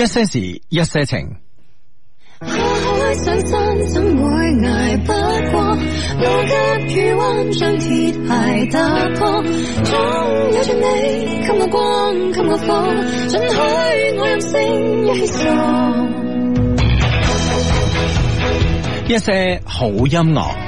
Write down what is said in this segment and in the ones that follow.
一些事，一些情。開開心心，怎會挨不過？路隔雨彎將鐵鞋踏破，總有最美。給我光，給我風，准許我任性，一起傻。一些好音樂。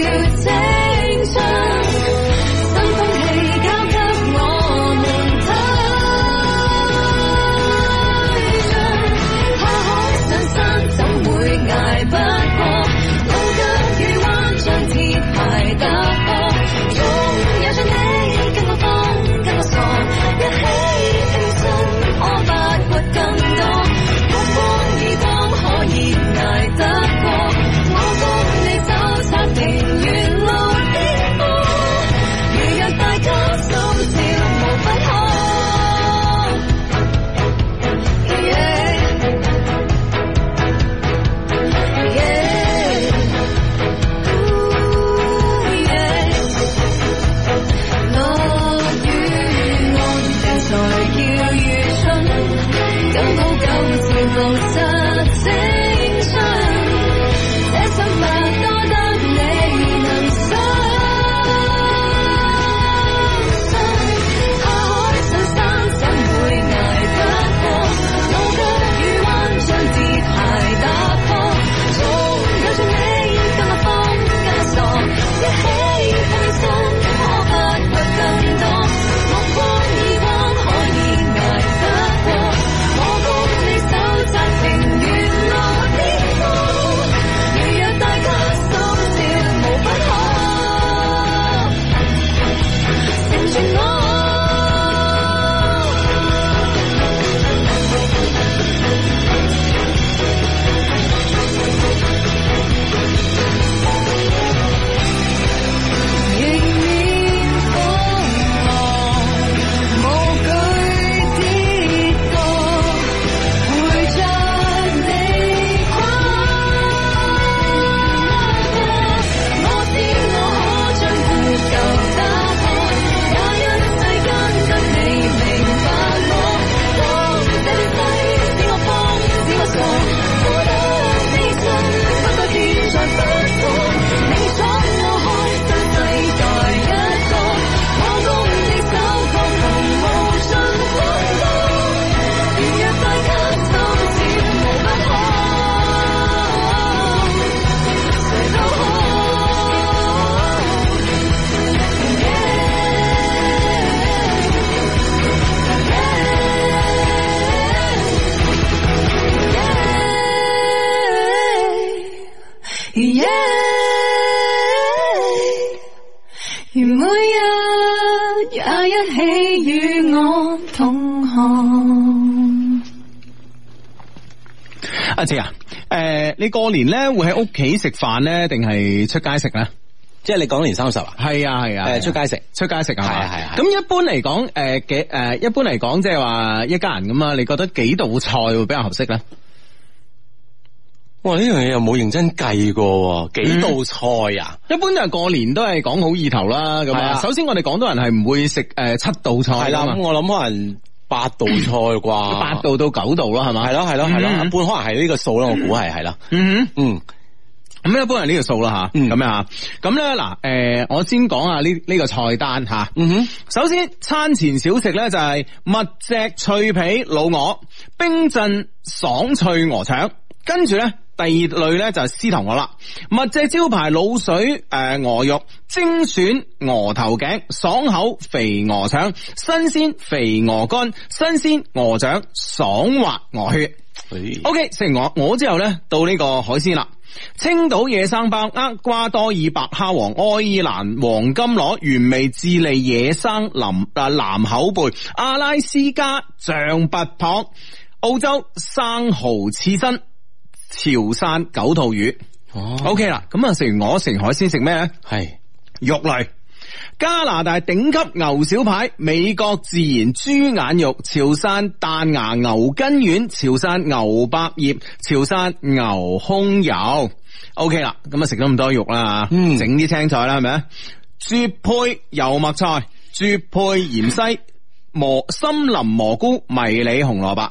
你過年咧會喺屋企食飯咧，定係出街食咧？即係你講年三十啊？係啊係啊，誒出街食出街食啊！係啊係啊。咁、啊、一般嚟講，誒、呃、幾誒、呃、一般嚟講，即係話一家人咁啊，你覺得幾道菜會比較合適咧？哇！呢樣嘢又冇認真計過，幾道菜啊？嗯、一般都係過年都係講好意頭啦。咁啊，啊首先我哋廣東人係唔會食誒七道菜係啦。咁、啊、我諗可能……八道菜啩，嗯、吧八道到九道咯，係咪？係咯，係咯，係咯，一般可能係呢個數啦，我估係係啦，嗯嗯，咁一般係呢個數啦吓，咁樣吓，咁咧嗱，誒、呃，我先講下呢呢個菜單吓，嗯哼，首先餐前小食咧就係蜜汁脆皮老鵝、冰鎮爽，爽脆鵝腸，跟住咧。第二類咧就係私頭鵝啦，物記招牌滷水誒鵝、呃、肉，精選鵝頭頸，爽口肥鵝腸，新鮮肥鵝肝，新鮮鵝掌，爽滑鵝血。O K，食完鵝我之後呢，到呢個海鮮啦，青島野生鮑，厄瓜多爾白蝦王，愛爾蘭黃金螺，原味智利野生林誒藍口貝，阿拉斯加象拔蚌，澳洲生蚝刺身。潮汕九肚魚、哦、OK 啦。咁啊，食完我食海鮮，食咩咧？係是肉類，加拿大頂級牛小排，美國自然豬眼肉，潮汕彈牙牛筋丸，潮汕牛百葉，潮汕牛胸油。OK 啦，咁啊食咗咁多肉啦，吓、嗯，整啲青菜啦，係咪啊？絕配油麥菜，絕配芫茜，蘑、森林蘑菇，迷你紅蘿蔔。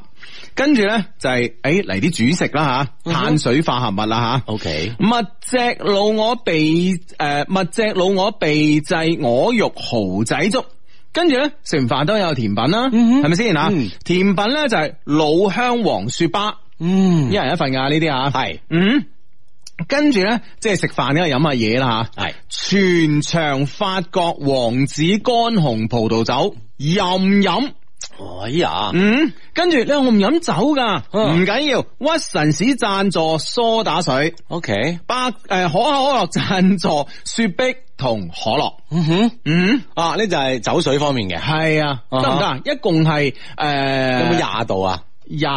跟住咧就係誒嚟啲主食啦吓，碳水化合物啦吓。O K，蜜汁老鵝秘、誒，蜜汁老鵝秘製鵝肉蠔仔粥。跟住咧食完飯都有甜品啦，係咪先啊？甜品咧就係老香黃雪巴，嗯，一人一份噶呢啲啊，係嗯。跟住咧即係食飯咧飲下嘢啦吓，係全場法國王子乾紅葡萄酒任飲。哎呀，嗯，跟住咧我唔飲酒噶，唔緊要。屈臣氏贊助梳打水，OK，百誒可口可樂贊助雪碧同可樂，哼，嗯，啊呢就係酒水方面嘅，係啊，得唔得？一共係誒有冇廿度啊？廿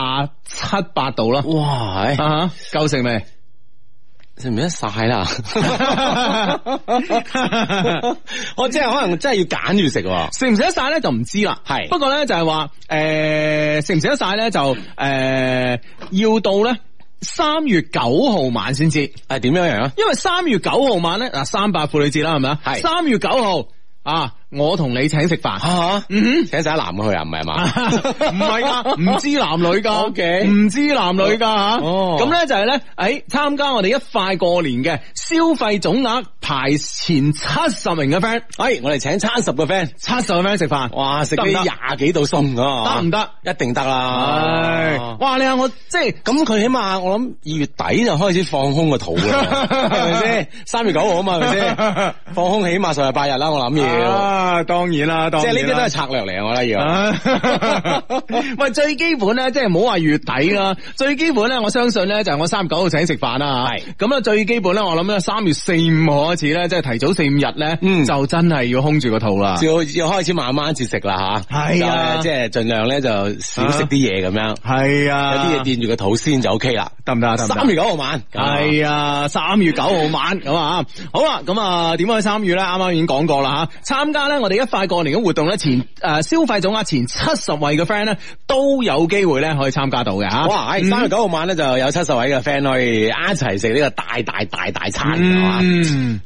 七八度啦，哇，吓夠食未？食唔食得曬啦？ 我即、就、係、是、可能真係要揀住食，食唔食得曬咧就唔知啦。係是不過咧就係話，誒食唔食得曬咧就誒、呃、要到咧三月九號晚先至知。係點樣樣啊？樣因為三月九號晚咧嗱，三八婦女節啦，係咪是啊？係三月九號啊。我同你請食飯，嗯，請晒男嘅去啊，唔係嘛？唔係噶，唔知男女噶，唔知男女噶吓。咁咧就係咧，誒，參加我哋一塊過年嘅消費總額排前七十名嘅 friend，係我哋請七十個 friend，七十個 friend 食飯。哇，食啲廿幾度餸噶，得唔得？一定得啦。唉，哇，你話我即係咁，佢起碼我諗二月底就開始放空個肚啦，係咪先？三月九號啊嘛，係咪先？放空起碼十日八日啦，我諗要。啊，當然啦，啊， 即係呢啲都係策略嚟，我覺得要。喂，最基本咧，即係唔好話月底啦，最基本咧，我相信咧就係，我三十九號請食飯啦係咁咧，是最基本咧，我諗咧三月四五號開始咧，即係提早四五日咧，嗯，就真係要空住個肚啦，要要開始慢慢節食啦吓。係啊，即係盡量咧就少食啲嘢咁樣。係啊，有啲嘢墊住個肚先就 OK 啦。得唔得？三月九號晚係啊，三、哎、月九號晚咁啊，好啦，咁啊點樣去參與咧？啱啱已經講過啦吓，參加咧，我哋一塊過年嘅活動咧，前誒、呃、消費總額前七十位嘅 friend 咧，都有機會咧可以參加到嘅吓。哇！三、嗯、月九號晚咧就有七十位嘅 friend 可以一齊食呢個大大大大大餐，係嘛？嗯，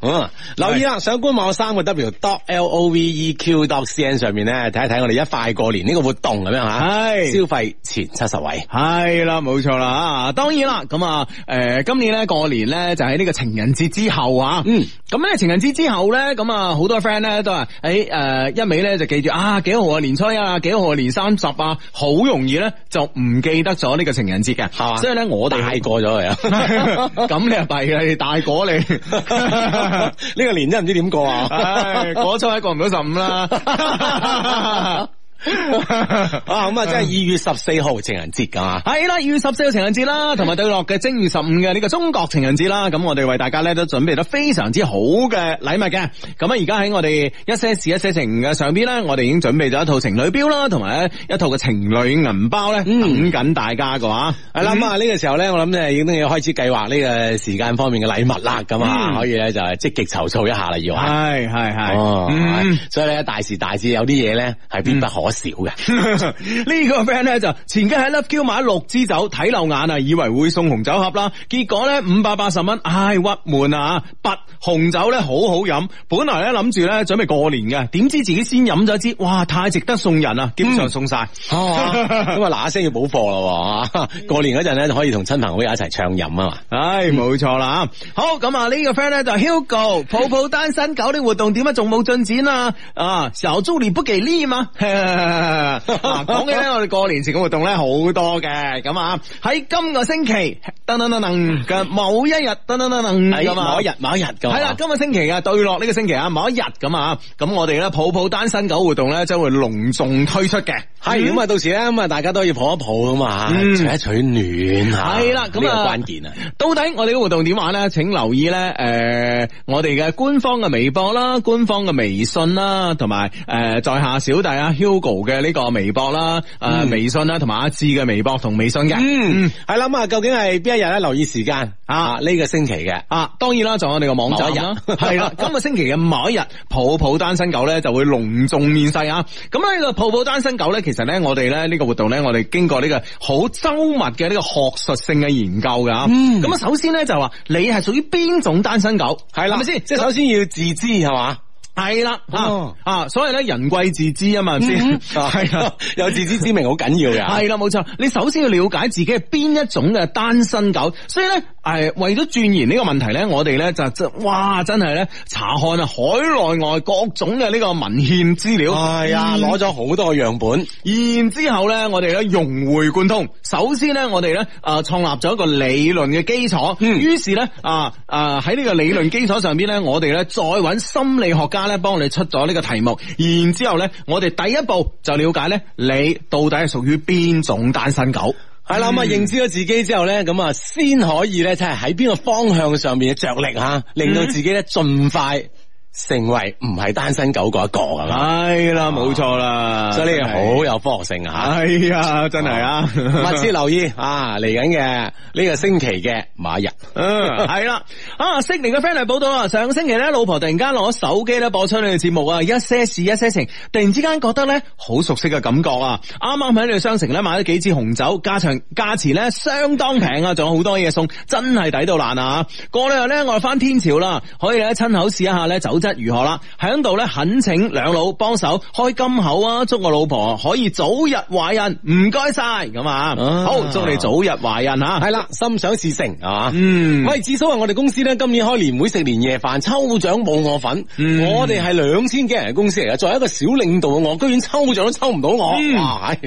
留意啦，上官網三個 w dot l o v e q dot c n 上面咧睇一睇我哋一塊過年呢個活動咁樣吓。係消費前七十位，係啦，冇錯啦，當然。啦咁、就是嗯、啊，誒，今年咧過年咧就喺呢個情人節之後啊，嗯吧，咁咧情人節之後咧，咁啊好多 friend 咧都係喺誒一味咧就記住啊幾號啊年初一啊幾號啊年三十啊，好容易咧就唔記得咗呢個情人節嘅，係嘛？所以咧我哋大過咗啊，咁 你係大果你過，呢 個年真唔知點過啊，哎、 初過初一過唔到十五啦。 啊 咁啊，即係二月十四號情人節噶嘛，係啦，二月十四號情人節啦，同埋對落嘅正月十五嘅呢個中國情人節啦，咁我哋為大家咧都準備得非常之好嘅禮物嘅，咁啊而家喺我哋一些事一些情嘅上邊咧，我哋已經準備咗一套情侶表啦，同埋一套嘅情侶銀包咧、嗯，等緊大家嘅話，係啦、嗯，呢、呢個時候咧，我諗咧已經要開始計劃呢個時間方面嘅禮物啦，咁啊、嗯、可以咧就係積極籌措一下啦，要係係係，所以咧大時大節有啲嘢咧係必不可、嗯。少嘅 呢個 friend 咧就前幾日喺 LoveQ 買六支酒睇漏眼啊，以為會送紅酒盒啦，結果咧五百八十蚊，唉、哎、鬱悶啊！不紅酒咧好好飲，本來咧諗住咧準備過年嘅，點知自己先飲咗支，哇太值得送人送、嗯、啊！基本上送晒，咁啊嗱一聲要補貨啦，過年嗰陣咧就可以同親朋好友一齊暢飲啊嘛！唉、嗯，冇錯、哎、啦，好咁啊呢個 friend 咧就是、Hugo 抱抱單身 搞啲活動，點解仲冇進展啊？啊，候租年不給力嗎？講嘅咧，我哋過年前嘅活動咧好多嘅，咁啊喺今個星期，等等等等嘅某一日，某日，等等等等喺某一日，某一日嘅係啦，今個星期啊，對落呢個星期啊，某一日咁啊，咁我哋咧抱抱單身狗活動咧，將會隆重推出嘅。係咁啊，到時咧咁啊，大家都要抱一抱啊嘛，嗯、取一取暖吓。係啦，咁啊關鍵啊。啊鍵啊到底我哋嘅活動點玩咧？請留意咧，誒、呃，我哋嘅官方嘅微博啦，官方嘅微信啦，同埋誒，在下小弟啊。嘅呢個微博啦，誒、呃，微信啦，同埋阿志嘅微博同微信嘅，嗯，係啦，咁啊，究竟係邊一日咧？留意時間啊，呢、啊，這個星期嘅啊，當然啦，仲有我哋個網站，係啦，今個星期嘅某一日，抱 抱單身狗咧就會隆重面世啊！咁啊、嗯，呢個抱抱單身狗咧，其實咧，我哋咧呢、這個活動咧，我哋經過呢個好周密嘅呢、這個學術性嘅研究噶，嗯，咁啊，首先咧就話你係屬於邊種單身狗，係啦，咪先，即係吧首先要自知係嘛。係啦，啊啊，啊啊所以咧，人貴自知啊嘛，先 了？係啊，有自知之明好緊要㗎。係啦， 冇錯。你首先要了解自己係邊一種嘅單身狗，所以咧。係為咗鑽研呢個問題呢，我哋呢就哇真哇真係咧，查看啊海內外各種嘅呢個文獻資料，係啊，攞咗好多樣本，然之後咧，我哋呢融會貫通。首先呢，我哋呢啊創立咗一個理論嘅基礎，嗯， 於是呢，啊啊喺呢個理論基礎上邊呢，我哋呢再揾心理學家呢幫你出咗呢個題目，然之後咧，我哋第一步就了解呢，你到底係屬於邊種單身狗。係啦，咁啊，認知咗自己之後咧，咁啊，先可以咧，即係喺邊個方向上面嘅着力吓，令到自己咧盡快。成為唔係單身狗個一個噶、 啊、啦，係啦、啊，冇錯啦，所以呢樣好有科學性吓，係、哎、呀啊，真係啊，密切、啊、 留意啊，嚟緊嘅呢個星期嘅某日，係啦，啊，悉尼嘅 friend 嚟報道啊，上個星期咧，老婆突然間攞手機咧播出你嘅節目啊，一些事一些情，突然之間覺得咧好熟悉嘅感覺啊，啱啱喺呢個商城咧買咗幾支紅酒，加上價錢咧相當平啊，仲有好多嘢送，真係抵到爛啊，過兩日咧我哋翻天朝啦，可以嚟親口試一下咧酒如何啦？響度咧懇請兩老幫手開金口啊，祝我老婆可以早日懷孕。唔該晒，咁啊好，祝你早日懷孕吓。係啦，心想事成係嘛？啊、嗯，喂，至少我哋公司咧今年開年會食年夜飯，抽獎冇我份。嗯、我哋係兩千幾人嘅公司嚟啊，作為一個小領導嘅我，居然抽獎都抽唔到我。唉、嗯哎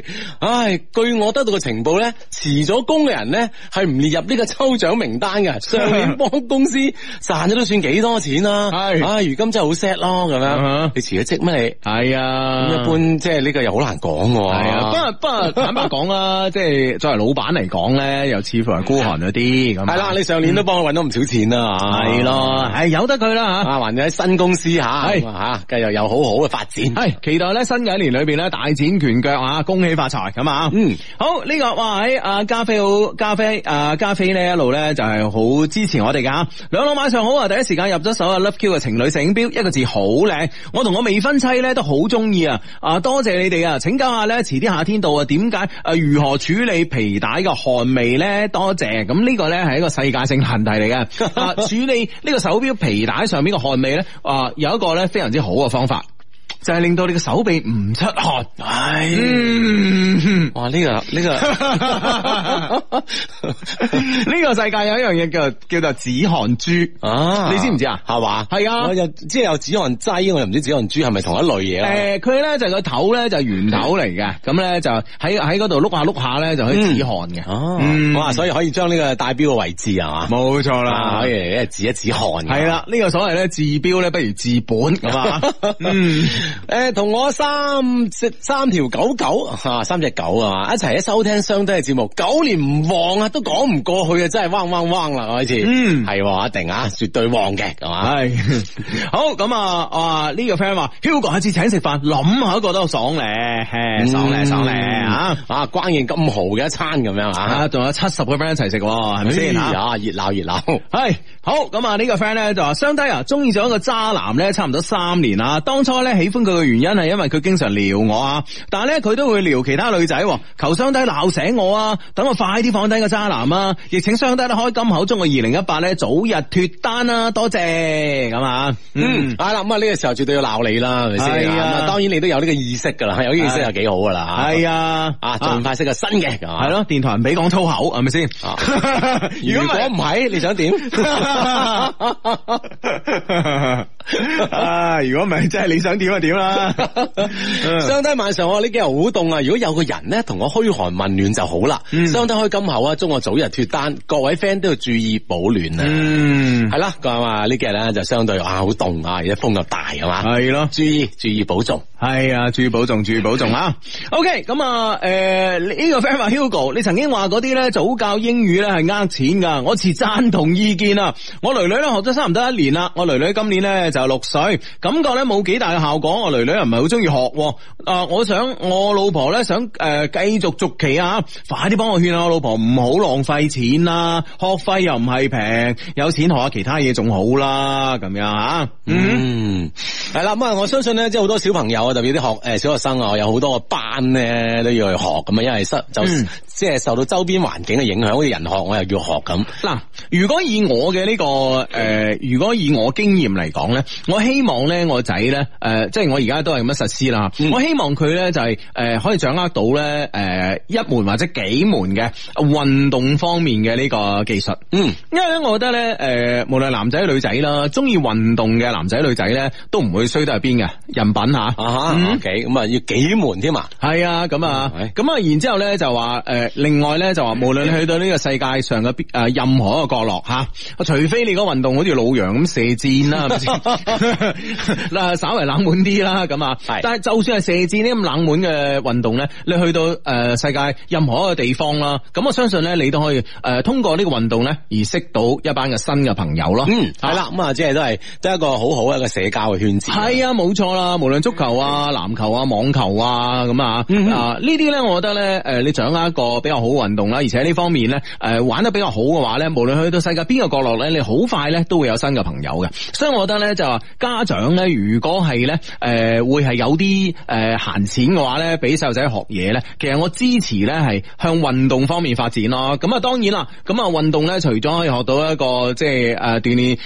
哎，據我得到嘅情報咧，辭咗工嘅人咧係唔列入呢個抽獎名單嘅。上年幫公司賺咗都算幾多錢啊？係是，唉、哎咁真係好 set 咯，咁樣你辭咗職咩？你係啊，一般即係呢個又好難講喎。啊，不過不過坦白講啦，即係作為老闆嚟講咧，又似乎係孤寒咗啲咁。係啦，你上年都幫我揾到唔少錢啊，係咯，係，由得佢啦嚇，還有喺新公司嚇嚇，繼續有好好嘅發展。係期待咧，新嘅一年裏邊咧，大展拳腳嚇，恭喜發財咁啊！嗯，好呢個哇喺阿加菲奧、加菲、阿加菲咧一路咧就係好支持我哋嘅嚇，兩老晚上好啊！第一時間入咗手啊，Love Q 嘅情侶性。表一個字好靚，我同我未婚妻咧都好中意啊！啊，多謝你哋啊，請教下咧，遲啲夏天到啊，點解啊如何處理皮帶嘅汗味咧？多謝，咁呢個咧係一個世界性問題嚟嘅啊！處理呢個手表皮帶上邊嘅汗味咧啊，有一個咧非常之好嘅方法。就係令到你個手臂唔出汗，係哇，呢個呢個呢個世界有一樣嘢叫叫做止汗珠啊！你知唔知啊？係嘛？係啊，我又即係有止汗劑，我又唔知止汗珠係咪同一類嘢啦？誒，佢咧就個頭咧就圓頭嚟嘅，咁咧就喺喺嗰度碌下碌下咧就可以止汗嘅。好哇，所以可以將呢個帶錶嘅位置係嘛？冇錯啦，可以嚟一止一止汗。係啦，呢個所謂咧治標咧不如治本咁啊。誒，同我三隻三條狗狗吓，三隻狗啊，嘛，一齊喺收聽雙低嘅節目，九年唔旺啊，都講唔過去啊，真係汪汪汪啦開始，嗯、mm.，係一定啊，絕對旺嘅，咁啊，係好咁啊啊呢個 friend 話，Hugo 下次請食飯，諗下都覺得爽咧，爽咧爽咧啊啊，關鍵金豪嘅一餐咁樣啊，仲有七十個 friend 一齊食係咪先啊，熱鬧熱鬧，係好咁啊呢個 friend 咧就話雙低啊，中意咗一個渣男咧，差唔多三年啦，當初咧喜歡。佢嘅原因係因為佢經常撩我啊，但係咧佢都會撩其他女仔，求雙低鬧醒我啊，等我快啲放低個渣男啊，亦請雙低都開金口中嘅二零一八咧早日脫單啦，多謝咁啊，嗯，嗯係啦，咁啊呢個時候絕對要鬧你啦，係咪先？啊，當然你都有呢個意識噶啦，有意識又幾好噶啦，係啊，啊，盡快識個新嘅係咯，電台人俾講粗口係咪先？如果唔係， 你想點？ 啊！如果唔係，真係你想點啊點啦！相 低晚上我呢幾日好凍啊！如果有個人咧同我噓寒問暖就好啦。相雙、嗯、低開金口啊，祝我早日脫單。各位 friend 都要注意保暖啊！嗯，係啦，啱嘛？呢幾日咧就相對啊好凍啊，而家風又大啊嘛。係咯，的注意注意保重。係啊、哎，注意保重，注意保重啊 ！OK，咁啊，誒、呃，呢、這個 friend Hugo，你曾經話啲咧早教英語咧係呃錢噶，我持讚同意見啊！我女女咧學咗差唔多一年啦，我女女今年咧就六歲，感覺咧冇幾大嘅效果，我女女又唔係好中意學，啊，我想我老婆咧想誒繼、呃、續續期啊，快啲幫我勸下我老婆唔好浪費錢啦、啊，學費又唔係平，有錢學下其他嘢仲好啦，咁樣吓，嗯，係啦、嗯，咁啊，我相信咧即係好多小朋友。我特別啲學誒，小學生啊，有好多個班咧都要去學咁啊，因為受就即係受到周邊環境嘅影響，好似人學我又要學咁。嗱、嗯這個呃，如果以我嘅呢個誒，如果以我經驗嚟講咧，我希望咧我仔咧誒，即係我而家都係咁樣實施啦。嗯、我希望佢咧就係、是、誒、呃、可以掌握到咧誒、呃、一門或者幾門嘅運動方面嘅呢個技術。嗯，因為咧我覺得咧誒、呃，無論男仔女仔啦，中意運動嘅男仔女仔咧，都唔會衰得入邊嘅人品吓。啊。嗯、啊、OK，咁啊要幾門添 啊？係啊，咁啊，咁啊，然之後咧就話誒，另外咧就話，無論你去到呢個世界上嘅邊誒任何、嗯、一個角落吓，除非你個運動好似老楊咁射箭啦，嗱 知 稍微冷門啲啦，咁啊 但係就算係射箭呢咁冷門嘅運動咧，你去到誒世界任何一個地方啦，咁我相信咧你都可以誒通過呢個運動咧而識到一班嘅新嘅朋友咯。嗯，係啦，咁啊即係都係都係一個好好嘅一個社交嘅圈子。係啊，冇錯啦，無論足球啊。啊，籃球啊，網球啊，咁、嗯、哼啊，啊呢啲呢，我覺得呢，誒、呃，你掌握一個比較好嘅運動啦，而且呢方面呢，誒、呃，玩得比較好嘅話呢，無論去到世界邊個角落呢，你好快呢都會有新嘅朋友嘅，所以我覺得呢，就話家長呢，如果係呢，誒、呃，會係有啲誒閒錢嘅話呢，俾細路仔學嘢呢。其實我支持呢係向運動方面發展咯。咁啊，當然啦，咁啊，運動呢，除咗可以學到一個即係誒鍛煉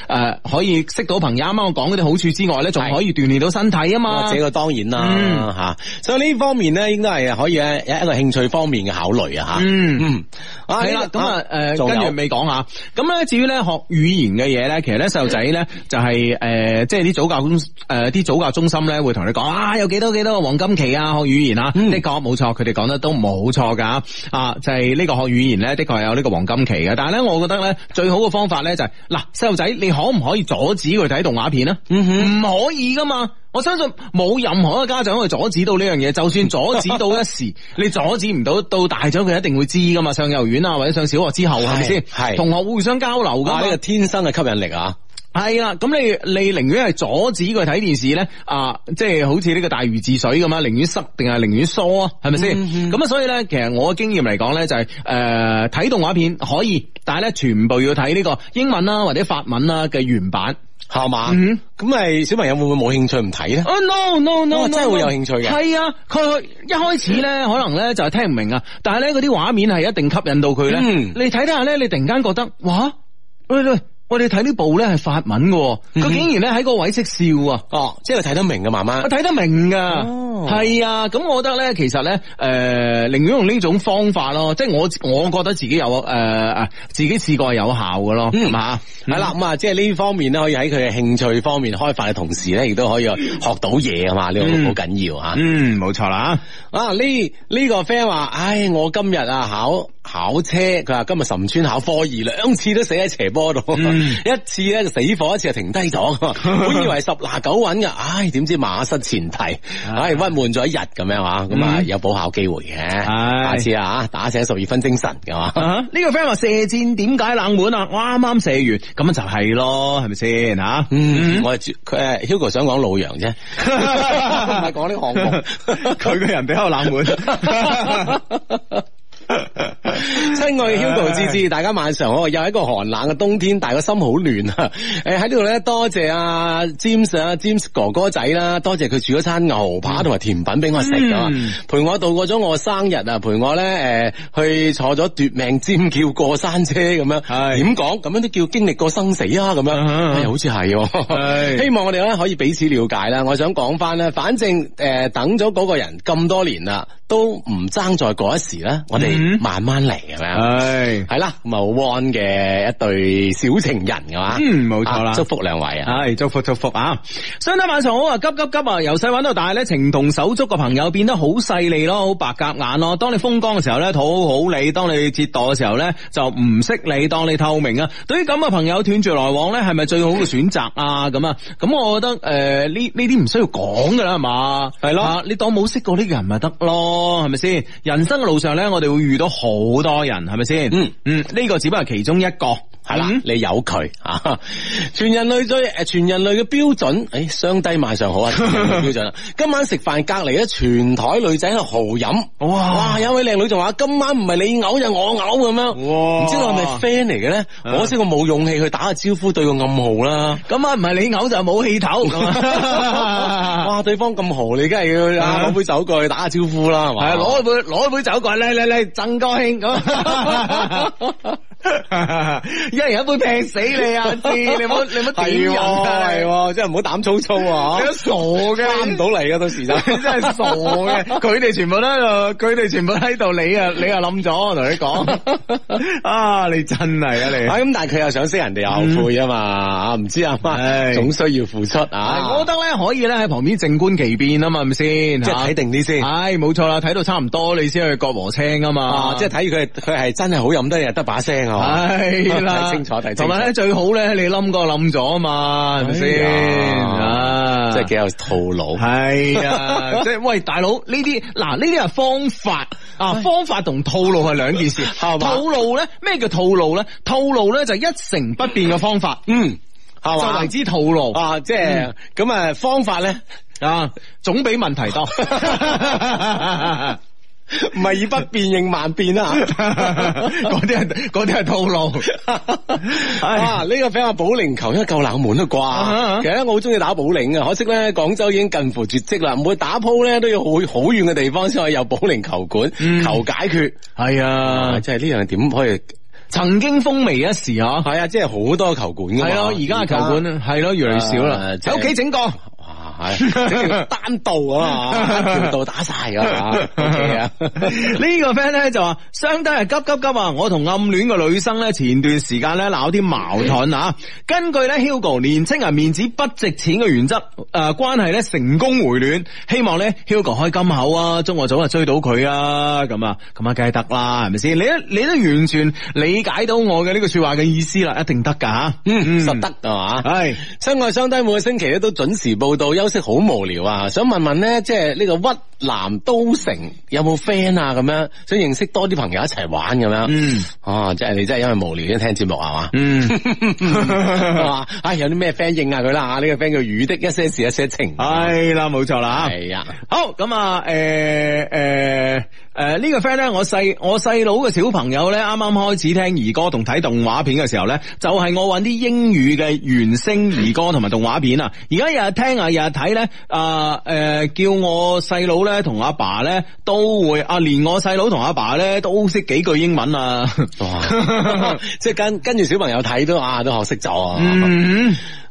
誒，可以識到朋友，啱啱我講嗰啲好處之外呢，仲可以鍛煉到身體啊嘛。是個當演啦吓，嗯、所以呢方面咧，應該係可以咧，一個興趣方面嘅考慮啊吓。嗯，係啦，咁啊，誒，跟住未講下，咁咧，至於咧學語言嘅嘢咧，其實咧細路仔咧就係、是、誒，即係啲早教誒，啲、呃就是、早教中心咧、呃、會同你講啊，有幾多幾多個黃金期啊，學語言啊，嗯、的確冇錯，佢哋講得都冇錯噶啊，就係、是、呢個學語言咧的確係有呢個黃金期嘅，但係咧，我覺得咧最好嘅方法咧就係、是、嗱，細路仔你可唔可以阻止佢睇動畫片啊？唔、嗯、可以噶嘛。我相信冇任何一個家長去阻止到呢樣嘢，就算阻止到一時， 你阻止唔到，到大咗佢一定會知噶嘛。上幼兒園啊，或者上小學之後，係咪先？係同學互相交流噶嘛。呢個天生嘅吸引力啊，係啦。咁你你寧願係阻止佢睇電視咧，啊，即係好似呢個大禹治水咁啊，寧願塞定係寧願疏啊，係咪先？咁啊，嗯、哼所以咧，其實我嘅經驗嚟講咧，就係誒睇動畫片可以，但係咧全部要睇呢個英文啦或者法文啦嘅原版。係嘛？咁咪、mm hmm. 小朋友會唔會冇興趣唔睇咧？哦、oh,，no no no，, no, no, no, no.、哦、真係會有興趣嘅。係啊，佢一開始咧，可能咧就係聽唔明啊，但係咧啲畫面係一定吸引到佢咧。嗯、mm，hmm. 你睇睇下咧，你突然間覺得，哇！喂、哎、喂。哎我哋睇呢部咧係法文嘅，佢竟然咧喺個位識笑啊！嗯、哼哦，即係睇得明嘅媽媽，啊睇得明噶，係、哦、啊！咁我覺得咧，其實咧，誒、呃，寧願用呢種方法咯，即係我我覺得自己有誒誒、呃，自己試過係有效嘅咯。嗯吓，係啦、嗯，咁啊，即係呢方面咧，可以喺佢嘅興趣方面開發嘅同時咧，亦都可以學到嘢啊嘛！呢個好緊要啊、嗯，嗯，冇錯啦啊！呢呢、這個 friend 話，唉，我今日啊考。考車，佢話今日岑村考科二兩次都死喺斜坡度，一次咧就死火，一次就停低咗。本以為十拿九穩嘅，唉，點知馬失前蹄，唉，鬱悶咗一日咁樣嘛，咁啊有補考機會嘅。下次啊，打醒十二分精神㗎嘛。呢個 friend 話射箭點解冷門啊？我啱啱射完，咁就係咯，係咪先吓？我佢誒，Hugo 想講老楊啫，唔係講呢個項目，佢個人比較冷門。親愛嘅 Hugo 志志，大家晚上好！又係一個寒冷嘅冬天，但係個心好暖啊！誒，喺呢度咧，多謝阿、啊、James、啊、James 哥哥仔啦，多謝佢煮咗餐牛扒同埋甜品俾我食啊，嗯、陪我度過咗我生日啊，陪我咧誒、呃、去坐咗奪命尖叫過山車咁樣，係點講咁樣都叫經歷過生死啊！咁樣，啊啊啊哎呃、好似係、哦，是 希望我哋咧可以彼此了解啦。我想講翻咧，反正誒、呃、等咗嗰個人咁多年啦。都唔爭在嗰一時啦，我哋慢慢嚟係咪啊？係係啦，某 one 嘅一對小情人係嘛？嗯，冇錯啦。祝福兩位啊，係祝福祝福啊！相得晚上好啊！急急急啊！由細玩到大咧，情同手足個朋友變得好勢利咯，好白鴿眼咯。當你風光嘅時候咧討好你，當你折墮嘅時候咧就唔識你，當你透明啊！對於咁嘅朋友斷絕來往咧，係咪最好嘅選擇啊？咁啊、嗯？咁我覺得誒呢呢啲唔需要講噶啦，係嘛？係咯的的、啊，你當冇識過呢個人咪得咯。哦，係咪先？人生嘅路上咧，我哋會遇到好多人，係咪先？嗯嗯，呢個只不過其中一個。係啦，你有佢啊！全人類最誒，全人類嘅標準，誒，相低賣上好啊！標準啦，今晚食飯隔籬啊，全台女仔喺度豪飲，哇！有位靚女仲話，今晚唔係你嘔就我嘔咁樣，唔知道係咪 friend 嚟嘅咧？可惜我冇勇氣去打下招呼，對個暗號啦。今晚唔係你嘔就係冇氣頭。哇！對方咁豪，你梗係要攞杯酒過去打下招呼啦，係嘛？攞一杯攞一杯酒過去，嚟嚟嚟，真高興咁。一人一杯劈死你啊！你唔好你唔好屌人？係，即係唔好膽粗粗啊！你都傻嘅，翻唔到嚟噶，到時就真係傻嘅。佢哋全部都，佢哋全部喺度，你啊，你又諗咗，我同你講，啊，你真係啊你。咁但係佢又想識人哋後悔啊嘛，啊唔知啊，總需要付出啊。我覺得咧可以咧喺旁邊靜觀其變啊嘛，係咪先？即係睇定啲先。唉，冇錯啦，睇到差唔多你先去割禾青啊嘛。即係睇住佢，佢係真係好飲得嘅，得把聲啊！係啦，睇清楚，睇。同埋咧，最好咧，你冧過冧咗啊嘛，係咪先？哎、呀啊，即係幾有套路。係啊的，即係 喂，大佬呢啲，嗱呢啲係方法啊，方法同套路係兩件事。 嗎套路咧，咩叫套路咧？套路咧就一成不變嘅方法。嗯，就為之套路啊，即係咁啊，嗯、方法咧啊，總比問題多。 唔係以不變應萬變啊！嗰啲係啲係套路。哇、 啊！呢、呢個比較保齡球，因為夠冷門啦啩。啊啊、其實我好中意打保齡啊。可惜咧，廣州已經近乎絕迹啦。每打鋪咧，都要去好遠嘅地方先可以有保齡球館求解決。係、嗯、啊，即係呢樣點可以？曾經風靡一時啊，係啊，即係好多球館噶。係咯、啊，而家嘅球館係咯在、嗯，越嚟越少啦。喺屋企整個。係 單道啊，條道 打晒噶。OK 啊，呢 Okay. 個 friend 咧就話 相當係急急急啊！我同暗戀嘅女生咧，前段時間咧鬧啲矛盾啊。 根據咧 Hugo 年青人面子不值錢嘅原則，誒、呃、關係咧成功回暖，希望咧 Hugo 開金口啊，祝我早日追到佢啊，咁啊，咁啊，梗係得啦，係咪先？你都你都完全理解到我嘅呢個說話嘅意思啦，一定得噶吓，嗯嗯，實得啊嘛？係，相愛相低，每個星期咧都準時報道休息好無聊啊，想問問咧，即係呢個屈南都城有冇 friend 啊？咁樣想認識多啲朋友一齊玩咁樣。嗯，哦、啊，即係你真係因為無聊先聽節目係嘛？嗯，係嘛？唉，有啲咩 friend 應下佢啦？啊、這個，呢個 friend 叫雨的一些事一些情。係、哎、啦，冇錯啦。係啊，好咁啊，誒、欸、誒。欸誒，呃，這個、呢個 friend 咧，我細我細佬嘅小朋友咧，啱啱開始聽兒歌同睇動畫片嘅時候咧，就係、是、我揾啲英語嘅原聲兒歌同埋動畫片啊。而家日日聽啊，日日睇咧，啊、呃、誒、呃，叫我細佬咧同阿爸咧都會，啊連我細佬同阿爸咧都識幾句英文啊。哇，即係 跟跟住小朋友睇都啊都學識咗啊。嗯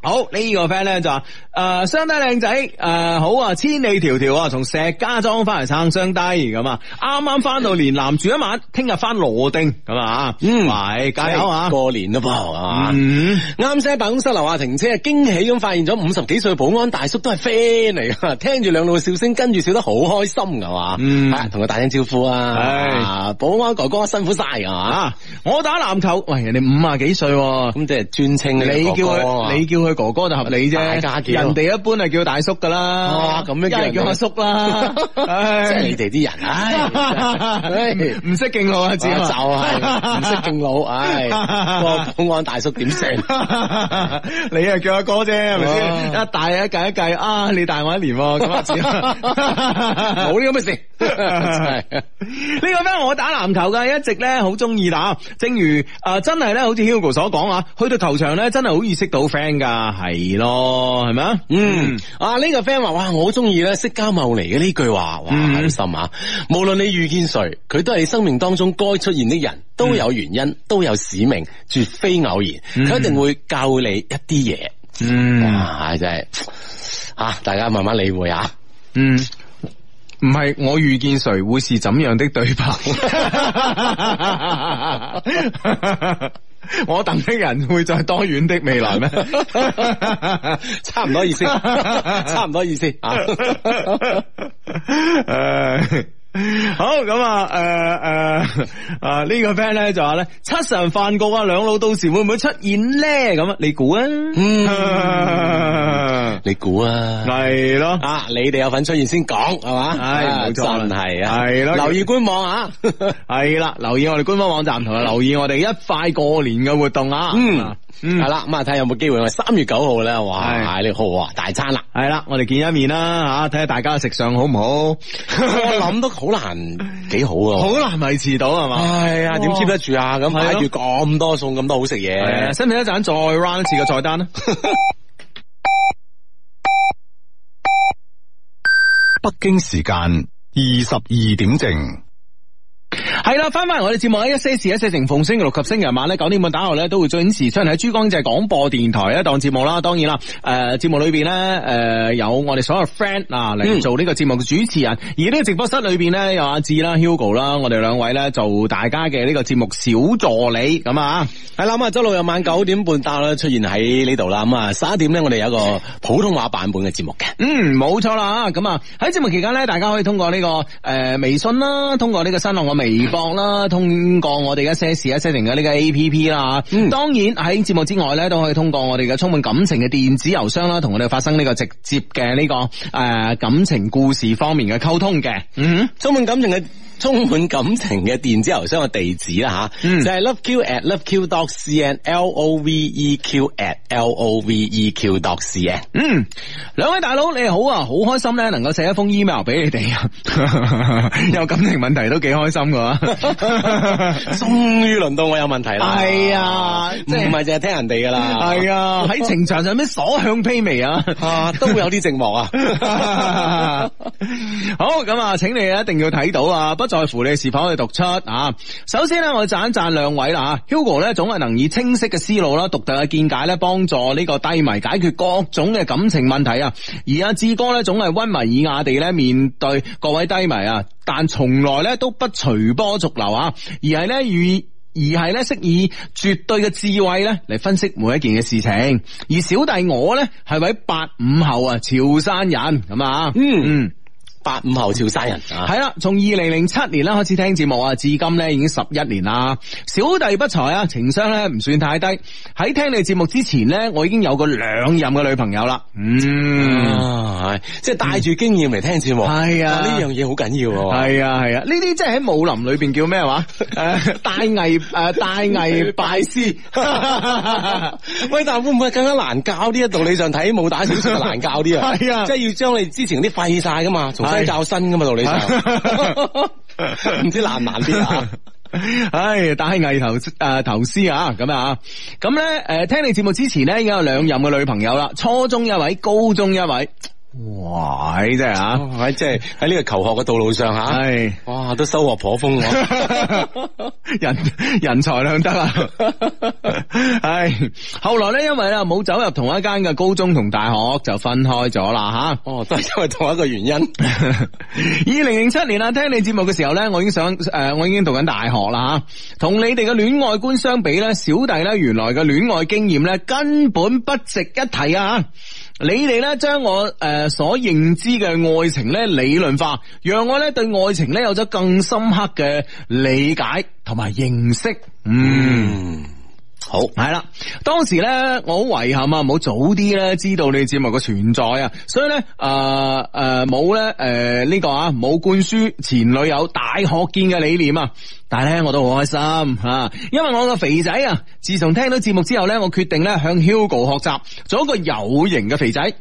好呢個 friend 咧就話誒雙低靚仔誒好啊千里迢迢啊從石家莊翻嚟撐雙低咁啊啱啱翻到連南住一晚聽日翻羅定。咁啊嗯係加油啊過年咯噃啊啱先喺辦公室樓下停車驚喜咁發現咗五十幾歲保安大叔都係 friend 嚟噶聽住兩路嘅笑聲跟住笑得好開心噶嘛同佢打聲招呼啊唉保安哥哥辛苦晒啊我打籃球喂人哋五啊幾歲咁即係尊稱你叫你叫佢。佢哥哥就合理啫，哦、人哋一般係叫大叔噶啦、哦，咁樣叫叫阿叔啦，即係你哋啲人，啊，唔識敬老啊、哦，自己走啊，唔識敬老，唉，個保安大叔點成？ 你啊叫阿哥啫，係咪先？一大一計一計啊，你大我一年，咁冇呢咁嘅事。呢 個咩、 就是？這個、我打籃球噶，一直咧好中意打。正如啊、呃，真係咧，好似 Hugo 所講啊，去到球場咧，真係好易識到 friend 噶。啊，係咯，係咪啊？嗯，啊呢、這個 friend 話，哇，我好中意咧，釋迦牟尼嘅呢句話，哇，好心啊！嗯、無論你遇見誰，佢都係你生命當中該出現的人，都有原因，嗯、都有使命，絕非偶然，佢、嗯、一定會教你一啲嘢。嗯，哇，真係，吓、啊、大家慢慢理會吓。嗯。唔係我遇見誰會是怎樣的對白？ 我等的人會在多遠的未來咩？ 差唔多意思， 差唔多意思啊！誒。好咁啊，誒誒啊呢個 friend 咧就話咧七十人飯局啊，兩老到時會唔會出現咧？咁啊，你估啊？嗯，你估啊？係咯，啊你哋有份出現先講係嘛？唉，冇、哎、錯，真係的啊，係咯，留意官網啊，係啦，留意我哋官方網站，同埋留意我哋一塊過年嘅活動啊，嗯。 嗯，係啦、嗯，咁啊睇下有冇機會，我三月九號咧，哇，對你好，好，豪華大餐啦，係啦，我哋見一面啦，吓，睇下大家嘅食相好唔好？ 我諗都好難，幾好啊，好 難維持到係嘛？係啊對，點、哎、接得住啊？咁派住咁多餸，咁對多好食嘢，係，使唔使一陣再 run 一次個菜單咧？ 北京時間二十二點正。係啦，翻翻嚟，我哋節目咧，一些事，一些情，逢星期六及星期日晚咧九點半打落咧都會準時出喺珠江台廣播電台一檔節目啦。當然啦，誒、呃、節目裏邊咧，誒、呃、有我哋所有 friend 啊嚟做呢個節目嘅主持人，嗯、而呢個直播室裏邊咧有阿志啦、Hugo 啦，我哋兩位咧做大家嘅呢個節目小助理咁啊。喺咁啊，周六日晚九點半打落出現喺呢度啦。咁啊，十一點咧我哋有一個普通話版本嘅節目嘅。嗯，冇錯啦。咁啊喺節目期間咧，大家可以通過呢、這個誒、呃、微信啦，通過呢個新浪微博。微博啦，通過我哋一些事、一些零一些情嘅呢個 A P P 啦，當然喺節目之外咧，都可以通過我哋嘅充滿感情嘅電子郵箱啦，同我哋發生呢個直接嘅呢、這個誒、呃、感情故事方面嘅溝通嘅，嗯哼，充滿感情嘅。充滿感情嘅電子郵箱嘅地址啦吓，就係 loveq@loveq.cn，L-O-V-E-Q@L-O-V-E-Q.cn。嗯，兩位大佬你哋好啊，好開心咧，能夠寫一封 email 俾你哋，有感情問題都幾開心噶，終於輪到我有問題啦，係啊，唔係淨係聽人哋噶啦，係啊，喺情場上邊所向披靡啊，啊，都會有啲寂寞啊，好咁啊，請你一定要睇到啊，不。在乎你是否可以讀出啊！首先呢，我贊一贊兩位啦、啊。Hugo 咧總係能以清晰嘅思路啦，獨特嘅見解咧，幫助呢個低迷解決各種嘅感情問題啊。而阿志哥呢，總係溫文爾雅地咧面對各位低迷啊，但從來咧都不隨波逐流啊，而係咧遇而係咧識以絕對嘅智慧咧嚟分析每一件嘅事情。而小弟我呢，係位八五後啊，潮汕人咁啊，嗯。嗯八五後潮汕人係啦，從二零零七年咧開始聽節目啊，至今咧已經十一年啦。小弟不才啊，情商咧唔算太低。喺聽你節目之前咧，我已經有過兩任嘅女朋友啦。嗯，係即係帶住經驗嚟聽節目。係啊，呢樣嘢好緊要嘅。係啊，係啊，呢啲、啊、即係喺武林裏邊叫咩話？誒、啊，大藝誒、啊、大藝拜師。喂， 但會唔會更加難教啲啊？道理上睇武打小說難教啲 啊？係啊，即、就、係、是、要將你之前啲廢晒噶嘛。較新噶嘛道理， 唔知難唔難啲啊？唉，但係藝頭誒頭思啊，咁啊，咁咧誒，聽你節目之前咧，已經有兩任嘅女朋友啦，初中一位，高中一位。哇！真係吓，喺、哦、即係喺呢個求學嘅道路上吓，唉是，哇，都收穫頗豐，人人才兩得啊！唉， 後來咧，因為啊冇走入同一間嘅高中同大學，就分開咗啦吓。哦，都係因為同一個原因。二零零七年啊，聽你節目嘅時候咧，我已經想誒、呃，我已經讀緊大學啦吓。同你哋嘅戀愛觀相比咧，小弟咧原來嘅戀愛經驗咧，根本不值一提啊！你哋咧將我誒所認知嘅愛情咧理論化，讓我咧對愛情咧有咗更深刻嘅理解同埋認識。嗯。好係啦，當時咧我好遺憾啊，冇早啲咧知道你節目嘅存在啊，所以咧誒誒冇咧誒呢個啊，冇灌輸前女友大學見嘅理念啊，但係咧我都好開心啊，因為我個肥仔啊，自從聽到節目之後咧，我決定咧向 Hugo 學習，做一個有型嘅肥仔。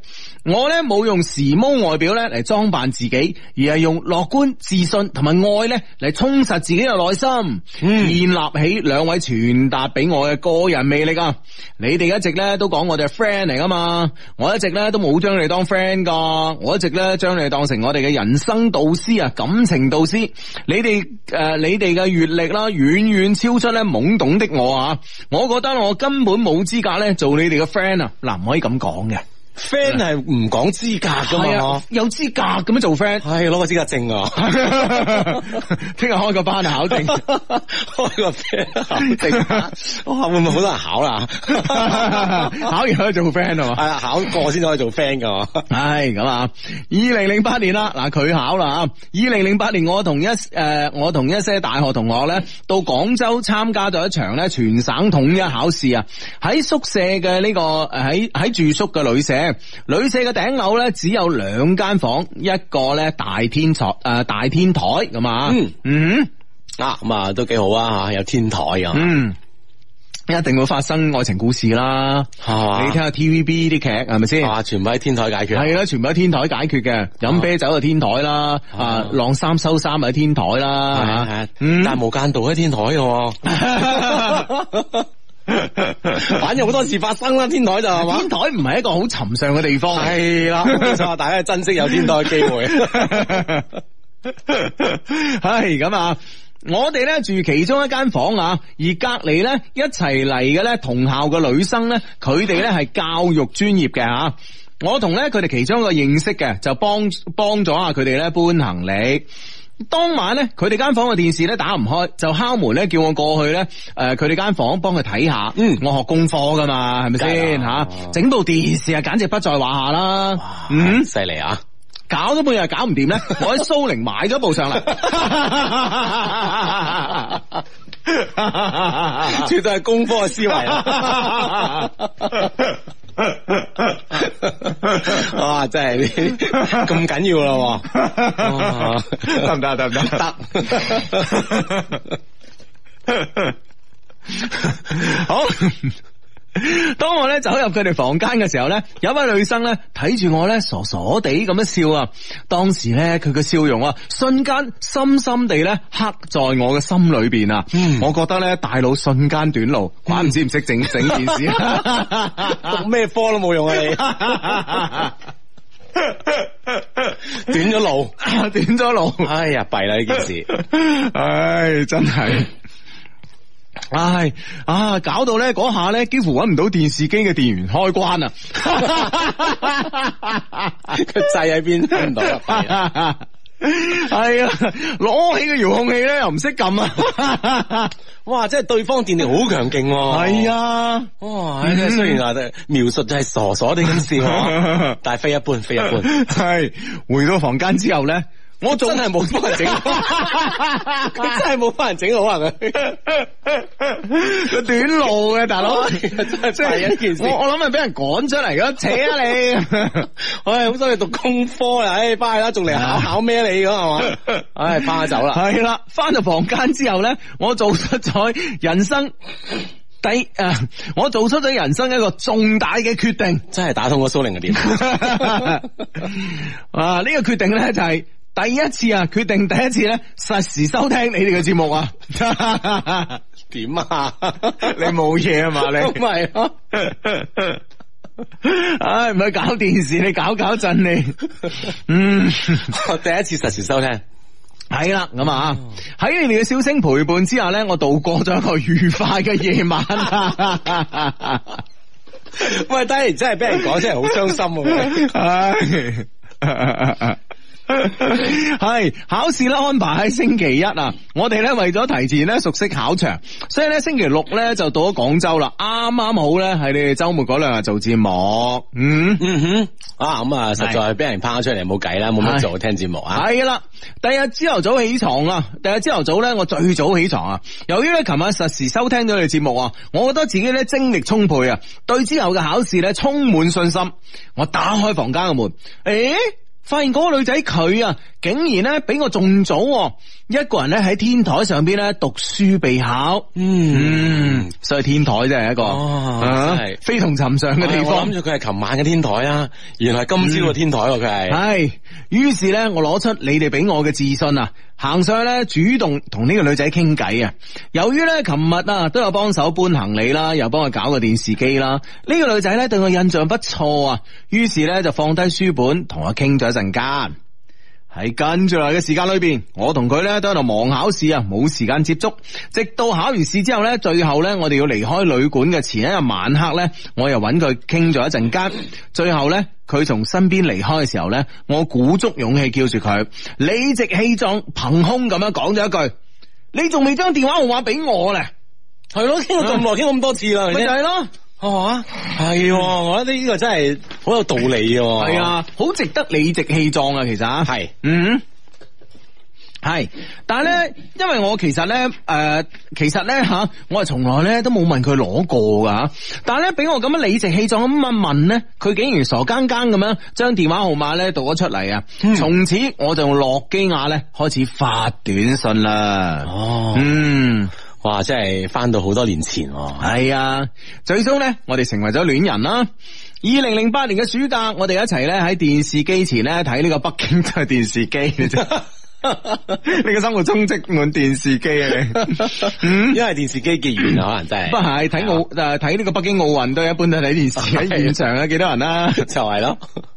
我咧冇用時髦外表咧嚟裝扮自己，而係用樂觀、自信同埋愛咧嚟充實自己嘅內心，嗯、建立起兩位傳達俾我嘅個人魅力啊！你哋一直咧都講我哋係 friend 嚟噶嘛？我一直咧都冇將你當 friend 噶，我一直咧將你哋當成我哋嘅人生導師啊、感情導師。你哋誒、呃，你哋嘅閱歷啦，遠遠超出咧懵懂的我啊！我覺得我根本冇資格咧做你哋嘅 friend 啊！嗱，唔可以咁講嘅。friend 係唔講資格噶嘛？哎、有資格咁樣做 friend？係攞、哎、個資格證啊！聽日 開個班考證， 開個 friend 考證， 哇！會唔會好多人考啦？ 考完可以做 friend 係嘛？係、哎、考過先可以做 friend 噶嘛？係咁啊！二零零八年啦，嗱佢考啦啊！二零零八年我同一誒我同一些大學同學咧，到廣州參加咗一場咧全省統一考試啊！喺宿舍嘅呢、這個喺喺住宿嘅旅社。女舍嘅頂樓咧只有兩間房，一個咧大、呃、大天台誒大天台咁啊，嗯嗯，嗯啊咁啊都幾好啊吓，有天台啊，嗯，一定會發生愛情故事啦，啊、你睇下 TVB 啲劇係咪先？啊，全部喺天台解決，係啦、啊，全部喺天台解決嘅，飲、啊、啤酒就天台啦，啊晾衫收衫咪喺天台啦，吓、啊啊，但係無間道喺天台嘅、啊。啊 反正好多事發生啦，天台就係，天台唔係一個好尋常嘅地方，係啦，冇錯，大家珍惜有天台嘅機會。係咁啊，我哋咧住其中一間房啊，而隔籬咧一齊嚟嘅咧同校嘅女生咧，佢哋咧係教育專業嘅啊，我同咧佢哋其中一個認識嘅，就幫幫咗啊佢哋咧搬行李。當晚咧，佢哋間房嘅電視咧打唔開，就敲門咧叫我過去咧，誒佢哋間房幫佢睇下。嗯，我學功課㗎嘛，係咪先吓？整部、啊、電視啊，簡直不在話下啦。哇嗯，犀利啊！搞咗半日搞唔掂咧， 我喺蘇寧買咗部上嚟， 絕對係功科嘅思維。 啊， 真係咁緊要啦，得唔得？得唔得？得。好。 當我咧走入佢哋房間嘅時候咧，有位女生咧睇住我咧傻傻地咁一笑啊！當時咧佢嘅笑容啊，瞬間深深地咧刻在我嘅心裏邊啊！嗯、我覺得咧大腦瞬間短路，怪唔知唔識整、嗯、整件事， 讀咩科都冇用啊！你 短咗路， 短咗路，哎呀，弊啦呢件事，唉、哎，真係。唉、哎，啊，搞到咧嗰下咧，幾乎揾唔到電視機嘅電源開關啊！個掣喺邊都揾唔到，係 啊、哎，攞起個遙控器咧又唔識撳啊！ 哇，真係對方電力好強勁，係啊，啊哇！雖然話描述真係傻傻啲咁笑，但係非一般，非一般。係 回到房間之後咧。我仲係冇幫人整，佢真係冇幫人整好係咪？短路嘅、啊、大佬， 真係一件事我。我我諗係俾人趕出嚟噶，扯啊你！唉、 哎，好想、哎、你讀工科啊！唉，翻啦，仲嚟考考咩你咁係嘛？唉，翻走啦。係啦，翻到房間之後咧，我做出咗人生第誒，我做出咗人生一個重大嘅決定，真係打通咗蘇寧嘅電話。 啊，呢、這個決定咧就係、是。第一次啊，決定第一次咧實時收聽你哋嘅節目啊？點 啊？你冇嘢啊嘛？你唔係啊？唉，唔係搞電視，你搞搞震你。 嗯， 我第一次實時收聽。係 啦， 咁啊，喺你哋嘅笑聲陪伴之下咧，我度過咗一個愉快嘅夜晚。 喂，突然真係俾人講真係好傷心啊！哎 係 考試咧，安排喺星期一啊！我哋咧為咗提前咧熟悉考場，所以咧星期六咧就到咗廣州啦，啱啱好咧喺你哋周末嗰兩日做節目。嗯嗯哼，啊咁啊、嗯，實在俾人拋出嚟冇計啦，冇乜是做是聽節目啊！係啦，第日朝頭早起床啊！第日朝頭早咧，我最早起床啊！由於咧琴晚實時收聽咗你節目啊，我覺得自己咧精力充沛啊，對之後嘅考試咧充滿信心。我打開房間嘅門，誒、欸。發現嗰個女仔佢啊，竟然咧比我仲早，一個人咧喺天台上邊咧讀書備考。嗯，嗯，所以天台真係一個係、哦、非同尋常嘅地方。諗住佢係琴晚嘅天台啊，原來今朝嘅天台佢係。係、嗯，於是咧我攞出你哋俾我嘅自信啊，行上去咧主動同呢個女仔傾偈啊。由於咧琴日啊都有幫手搬行李啦，又幫佢搞個電視機啦，呢、這個女仔咧對我印象不錯啊，於是咧就放低書本同我傾咗。陣間喺跟住嚟嘅時間裏邊，我同佢咧都喺度忙考試啊，冇時間接觸。直到考完試之後咧，最後咧我哋要離開旅館嘅前一日晚黑咧，我又揾佢傾咗一陣間。最後咧佢從身邊離開嘅時候咧，我鼓足勇氣叫住佢，理直氣壯憑空咁樣講咗一句：「你仲未將電話號碼俾我咧？係咯，傾咗咁耐，傾咁、嗯、多次啦，咪就係咯。哦，係、啊，我覺得呢個真係好有道理，係啊，好、啊、值得理直氣壯啊，其實啊，係，嗯，係，但係咧，因為我其實咧，誒、呃，其實咧吓、啊，我係從來咧都冇問佢攞過噶，但係咧，俾我咁樣理直氣壯咁啊問咧，佢竟然傻更更咁樣將電話號碼咧讀咗出嚟啊，從、嗯、此我就用諾基亞咧開始發短信啦，哦，嗯。哇！真係翻到好多年前喎，係啊，最終咧，我哋成為咗戀人啦、啊。二零零八年嘅暑假，我哋一齊咧喺電視機前咧睇呢個北京嘅電視機， 你嘅生活中積滿電視機啊！你、嗯？因為電視機結緣可能真係， 不係睇奧誒睇呢個北京奧運都一般都睇電視喺現場 啊，幾多人啦、啊， 就係咯、啊。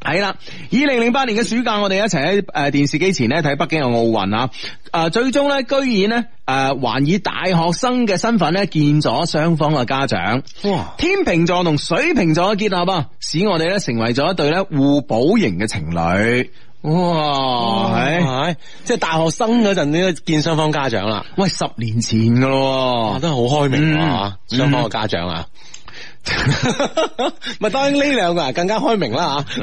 係啦，二零零八年嘅暑假，我哋一齊喺誒電視機前咧睇北京嘅奧運啊！誒，最終咧居然咧誒，呃，還以大學生嘅身份咧見咗雙方嘅家長。哇！天秤座同水瓶座嘅結合，使我哋咧成為咗一對咧互補型嘅情侶。哇！係係，即係大學生嗰陣，你都見雙方家長啦。喂，十年前噶咯，真係好開明啊！吓，嗯，雙方嘅家長啊。咪 當然呢兩個人更加開明啦吓，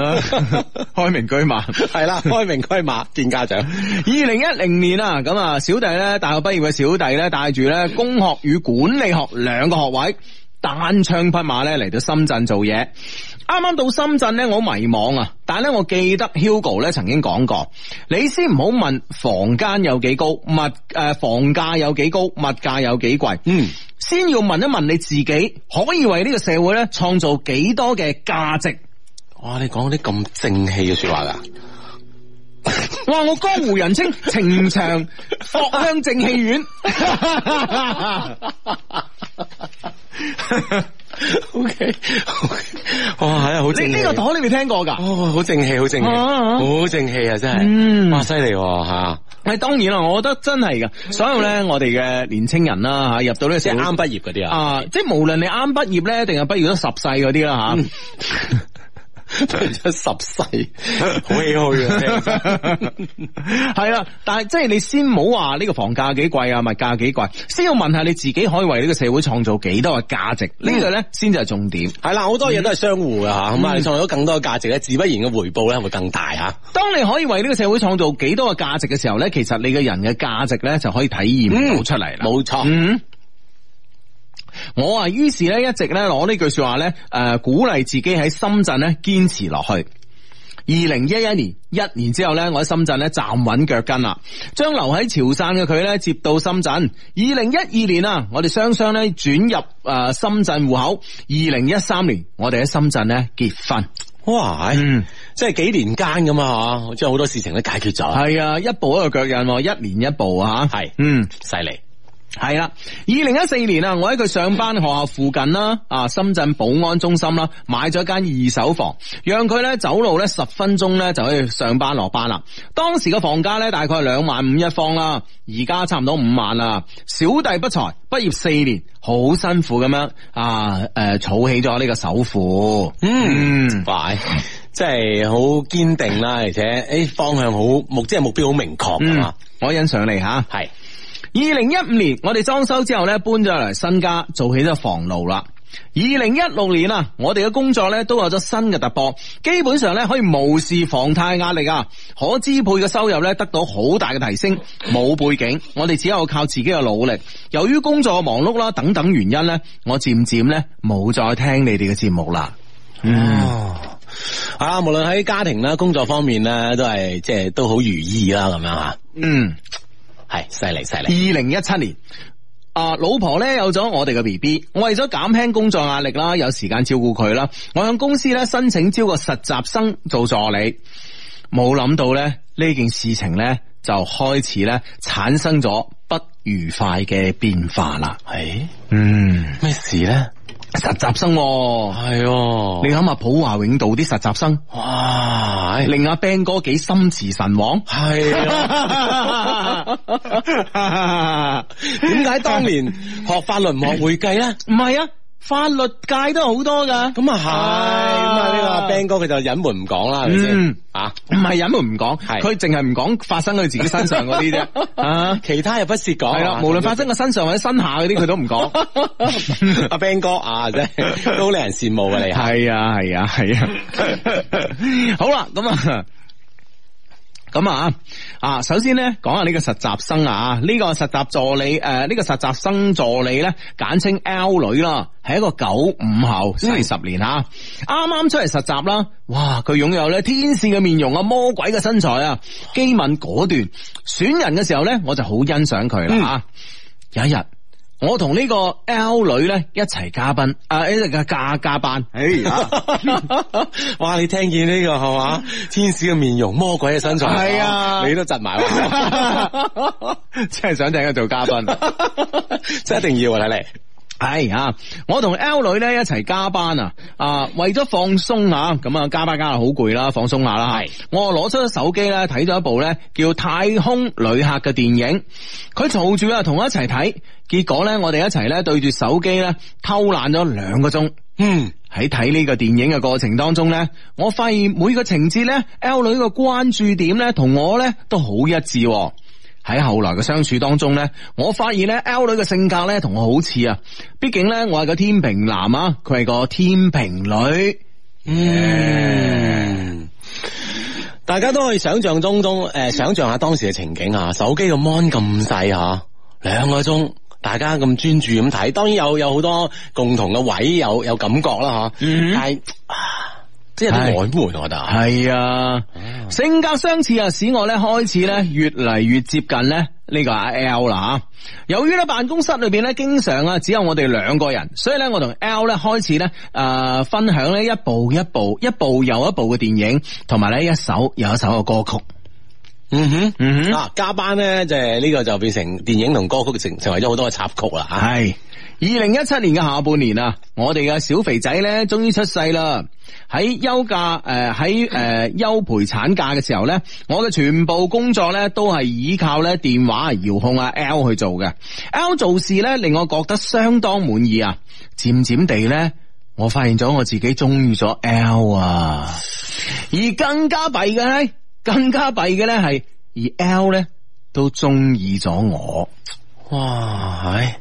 開明居馬係啦，開明居馬見家長。二零一零年啊，咁啊，小弟咧大學畢業嘅小弟咧，帶住咧工學與管理學兩個學位。單槍匹馬咧嚟到深圳做嘢，啱啱到深圳咧，我好迷茫啊！但係咧，我記得 Hugo 咧曾經講過，你先唔好問房間有幾高，物誒、呃、房價有幾高，物價有幾貴，嗯，先要問一問你自己，可以為呢個社會咧創造幾多嘅價值？哇！你講啲咁正氣嘅說話噶。 哇！我江湖人稱情長霍香正氣院。 o Okay . K， 哇，係啊，好正。呢個檔你未聽過噶？好正氣，好正氣，好、啊啊、正氣啊！真係，嗯、哇，犀利哦，吓。係當然啦，我覺得真係噶。所有咧，我哋嘅年青人啦，吓入到呢啲先啱畢業嗰啲啊，啊，即係無論你啱畢業咧，定係畢業咗十世嗰啲啦，吓、嗯。 十世，好唏嘘啊！係啦，但係即係你先唔好話呢個房價幾貴啊，物價幾貴，先要問下你自己可以為呢個社會創造幾多嘅價值？呢、嗯、個咧先至係重點。係啦、嗯，好多嘢都係相互嘅吓，咁、嗯、啊，你創造咗更多嘅價值咧，自不然嘅回報咧會更大吓。當你可以為呢個社會創造幾多嘅價值嘅時候咧，其實你嘅人嘅價值咧就可以體驗到出嚟，冇錯。嗯我啊，於是咧一直咧攞呢句說話咧，誒、呃、鼓勵自己喺深圳咧堅持落去。二零一一年一年之後咧，我喺深圳咧站穩腳跟啦，將留喺潮汕嘅佢咧接到深圳。二零一二年啊，我哋雙雙咧轉入誒深圳戶口。二零一三年，我哋喺深圳咧結婚。哇，嗯，即係幾年間咁嘛，即係好多事情都解決咗。係啊，一步一個腳印，一年一步啊。係，嗯，犀利。係 s 啦，二零一四年啊，我喺佢上班學校附近啦，啊，深圳寶安中心啦，買咗間二手房，讓佢咧走路咧十分鐘咧就可以上班落班啦。當時嘅房價咧大概兩萬五一方啦，而家差唔多五萬啦。小弟不才，畢業四年，好辛苦咁樣啊，誒、啊，儲、啊啊、起咗呢個首付，嗯，嗯真快，即係好堅定啦，而且誒方向好，目即係目標好明確啊嘛，嗯、吧我欣賞你吓，係。二零一五年，我哋裝修之後呢，搬咗嚟新家，做起咗房奴啦。二零一六年啊，我哋嘅工作呢都有咗新嘅突破，基本上呢可以無視房貸壓力啊，可支配嘅收入呢得到好大嘅提升。冇背景，我哋只有靠自己嘅努力。由於工作忙碌啦等等原因呢，我漸漸呢冇再聽你哋嘅節目啦。哦、嗯，啊，無論喺家庭啦、工作方面呢，都係即係都好如意啦咁樣啊。嗯。係，犀利犀利。二零一七年，啊，老婆咧有咗我哋嘅 BB，為咗減輕工作壓力啦，有時間照顧佢啦，我向公司咧申請招個實習生做助理，冇諗到咧，呢件事情咧就開始咧產生咗不愉快嘅變化啦。係嗎，嗯，咩事咧？實習生係、啊、哦，啊、你諗下普華永道啲實習生，哇，令阿 Ben 哥幾心馳神往，係啊？點解當年學法律唔學會計咧？唔係啊。法律界都好多噶，咁啊係，咁啊呢個阿 Ben 哥佢就隱瞞唔講啦，係咪先？啊，唔係隱瞞唔講，係佢淨係唔講發生佢自己身上嗰啲啫，啊，其他又不屑講，係啦，無論發生個身上或者身下嗰啲佢都唔講。阿 Ben 哥啊，真係都令人羨慕㗎你，係啊係啊係啊，好啦，咁啊。咁啊，啊，首先咧講下呢個實習生啊，呢個實習助理，誒，呢個實習生助理咧，簡稱 L 女啦，係一個九五後，先嚟十年吓，啱啱、嗯、出嚟實習啦，哇，佢擁有咧天使嘅面容啊，魔鬼嘅身材啊，機敏果斷，選人嘅時候咧，我就好欣賞佢啦，吓、嗯、有一日。我同呢個 L 女咧一齊嘉賓啊，呢、呃、個加加班。哎，啊、 哇，你聽見呢、這個係嘛？天使嘅面容，魔鬼嘅身材，係、哎、呀啊，你都窒埋，啊、 真係想請佢做嘉賓， 真係一定要睇嚟。來來係啊，我同 L 女咧一齊加班啊，啊為咗放鬆吓，咁啊加班加到好攰啦，放鬆下啦。係，我攞出咗手機咧睇咗一部咧叫《太空旅客》嘅電影，佢嘈住啊同我一齊睇，結果咧我哋一齊咧對住手機咧偷懶咗兩個鐘。嗯，喺睇呢個電影嘅過程當中咧，我發現每個情節咧 L 女嘅關注點咧同我咧都好一致。喺後來嘅相處當中咧，我發現咧 L 女嘅性格咧同我好似啊，畢竟咧我係個天平男啊，佢係個天平女，嗯、yeah. mm，hmm. 大家都可以想象中中，誒、呃，想象下當時嘅情景啊，手機個 mon 咁細吓，兩個鐘，大家咁專注咁睇，當然有有好多共同嘅位，有有感覺啦吓，mm hmm. 但係啊。即係啲曖昧，是我覺得係啊，性格相似啊，使我咧開始咧越嚟越接近咧呢個 L 啦。由於咧辦公室裏邊咧經常啊只有我哋兩個人，所以咧我同 L 咧開始咧誒分享咧一部，一部，一部一部一部又一部嘅電影，同埋咧一首又一首嘅歌曲。嗯哼，嗯哼，啊加班咧就係呢個就變成電影同歌曲成成為咗好多嘅插曲啊，係。二零一七年嘅下半年啊，我哋嘅小肥仔咧終於出世啦！喺休假誒，喺、呃、誒、呃、休陪產假嘅時候咧，我嘅全部工作咧都係依靠咧電話啊、遙控啊 L 去做嘅。L 做事咧令我覺得相當滿意啊！漸漸地咧，我發現咗我自己中意咗 L 啊！而更加弊嘅咧，更加弊嘅咧係而 L 咧都中意咗我。哇，係，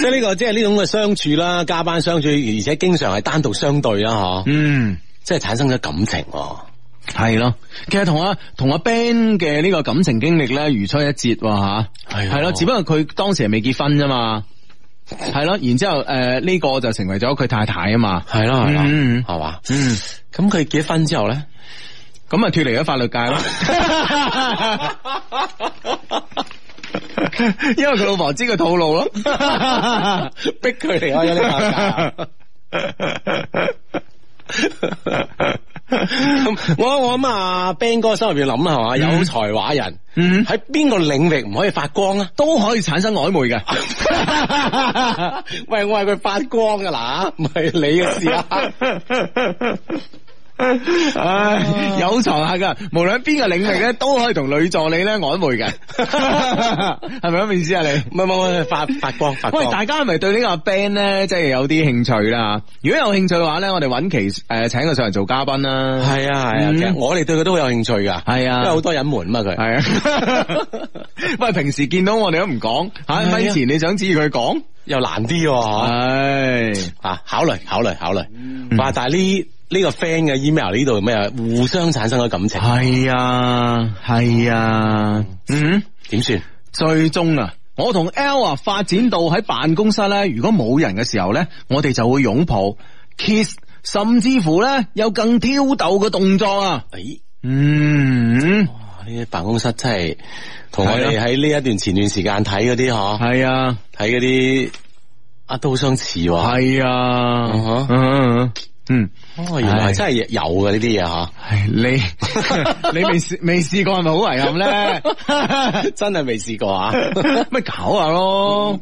即係呢個，即係呢種嘅相處啦，加班相處，而且經常係單獨相對啦，嗬。嗯，即係產生咗感情，係咯。其實同阿同阿 Ben 嘅呢個感情經歷咧，如出一轍吓，係係咯。只不過佢當時係未結婚啫嘛，係咯。然之後誒，呢個就成為咗佢太太啊嘛，係啦係啦，係嘛，嗯。咁佢結婚之後咧，咁啊脫離咗法律界啦。 因為佢老婆知佢套路咯，逼佢離開，有啲尷尬，我我咁阿、啊、Ben 哥心入邊諗啦，係嘛，有才華人，喺邊、嗯、個領域唔可以發光啊？都可以產生曖昧嘅。 喂，我係佢發光噶啦，唔係你嘅事啊。嘗嘗 唉，有才華噶，無論邊個領域咧，都可以同女助理咧曖昧嘅，係咪咁意思啊？你唔係冇冇發發光發光，喂，大家係咪對個呢個 band 咧，即係有啲興趣啦？如果有興趣嘅話咧，我哋揾期誒，請佢上嚟做嘉賓啦。係啊係，啊嗯、其實我哋對佢都好有興趣噶。係啊，因為好多隱瞞嘛，佢係啊。喂、啊， 平時見到我哋都唔講，吓、啊，以前你想指意佢講又難啲、啊，係吓、啊，考慮考慮考慮。嗯、哇，但係呢？呢個 friend 嘅 email 呢度係咩啊？互相產生咗感情。係啊，係啊。嗯，點算？最終啊，我同 L 啊發展到喺辦公室咧。如果冇人嘅時候咧，我哋就會擁抱、kiss，甚至乎咧有更挑逗嘅動作啊。誒、哎嗯，嗯，哇，呢啲辦公室真係同我哋喺呢一段前段時間睇嗰啲嗬。係啊，睇嗰啲啊都好相似喎。係啊，嗯嗯、uh, uh, uh, 嗯，哦，原來真係有嘅唉呢啲嘢吓，你你未試未試過係咪好遺憾咧？真係未試過啊，咪 搞下咯。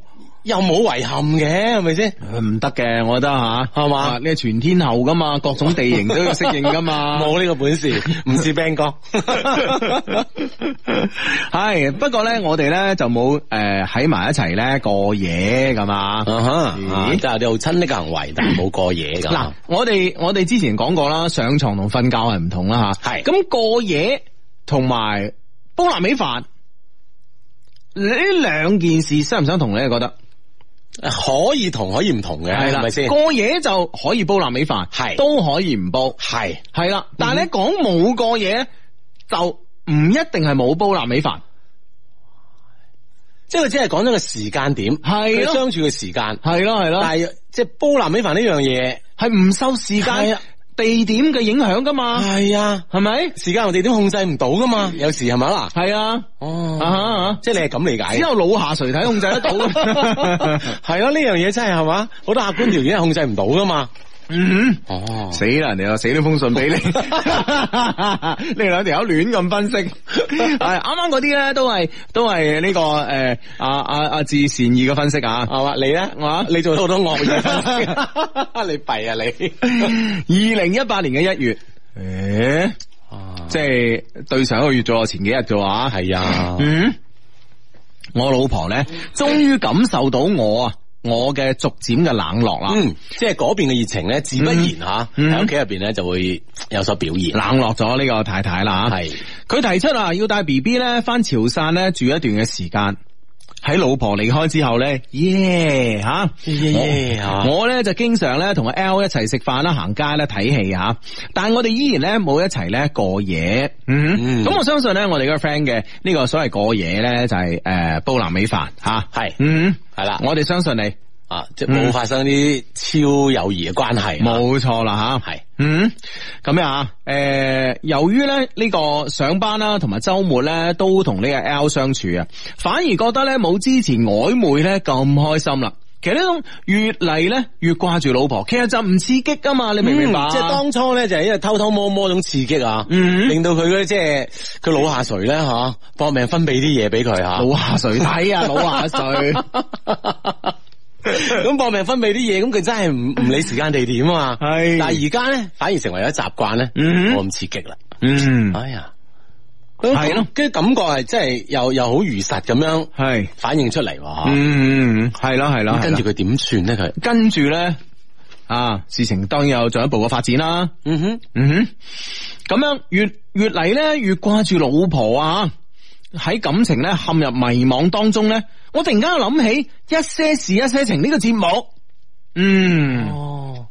又冇遺憾嘅，係咪先？唔得嘅，我覺得吓，係、啊、嘛、啊啊？你係全天候噶嘛？各種地形都要適應噶嘛？冇呢個本事，唔似 Ben 哥。係不過咧，我哋咧就冇誒喺埋一齊咧過夜咁啊！就即係啲好親暱嘅行為，但係冇過夜噶。嗱、啊，我哋我哋之前講過啦，上床同瞓覺係唔同啦吓。係、啊、咁是過夜同埋煲臘味飯呢兩件事，相唔相同你覺得？可以同可以唔同嘅，係啦，係咪先？過吧夜就可以煲臘味飯，係都是可以唔煲，係係啦。了嗯、但係咧講冇過夜，就唔一定係冇煲臘味飯，即係佢只係講咗個時間點，係、啊、相處嘅時間，係咯係咯。啊啊、但係即係煲臘味飯呢樣嘢係唔受時間地點嘅影響噶嘛，係啊，係咪吧？時間同地點控制唔到噶嘛，有時係咪啊啦？係啊，哦，啊哈啊，啊即係你係咁理解，因為腦下垂體控制得到，係咯，呢樣嘢真係係嘛，好多客觀條件係控制唔到噶嘛。嗯，哦、啊，死啦！人哋又寫咗封信俾你， 你兩條友亂咁分析，係啱啱嗰啲咧都係都係呢、這個誒阿阿阿志善意嘅分析啊，係嘛、啊？你咧，哇、啊！你做咗好多惡嘢， 你弊啊你！二零一八年嘅一月，誒、欸，即係、啊、對上一個月在前幾日嘅話，係啊，啊嗯， 我老婆咧終於感受到我啊。我嘅逐漸嘅冷落啦，嗯，即係嗰邊嘅熱情咧，自不然嚇嗯，喺屋企入邊咧就會有所表現。冷落咗呢個太太啦嚇，係佢是提出啊要帶 B B 咧翻潮汕咧住一段嘅時間。喺老婆離開之後咧，耶、yeah, 吓、huh? Yeah , uh,，耶我咧就經常咧同阿 L 一齊食飯啦、行街啦、睇戲吓。但係我哋依然咧冇一齊咧過夜。嗯咁、嗯、我相信咧，我哋個 friend 嘅呢個所謂過夜咧、就是，就係誒煲南美飯吓，係，嗯，係啦，我哋相信你。啊，即係冇發生啲超友誼嘅關係，嗯，冇錯啦吓，係，嗯，咁樣吓，誒、呃，由於咧呢個上班啦，同埋周末咧都同呢個 L 相處啊，反而覺得咧冇之前曖昧咧咁開心啦。其實呢種越嚟咧越掛住老婆，其實就唔刺激噶嘛，你明唔明白、嗯？即係當初咧就係因為偷偷摸摸種刺激啊，嗯，令到佢咧即係佢老下垂咧吓，搏命分泌啲嘢俾佢吓，老下垂睇啊，老下垂。 咁搏命分泌啲嘢，咁佢真係唔唔理時間地點啊嘛！係是，但係而家咧反而成為咗習慣咧，mm hmm. 我咁刺激啦！嗯、mm，hmm. 哎呀，係咯的，跟住感覺係真係又又好如實咁樣係反映出嚟喎。嗯、mm，係啦係啦，跟住佢點算咧？佢跟住咧啊，事情當然有進一步嘅發展啦。嗯哼，嗯哼，咁樣越越嚟咧越掛住老婆啊！喺感情咧陷入迷惘當中咧，我突然間諗起一些事一些情呢個節目，嗯，哦、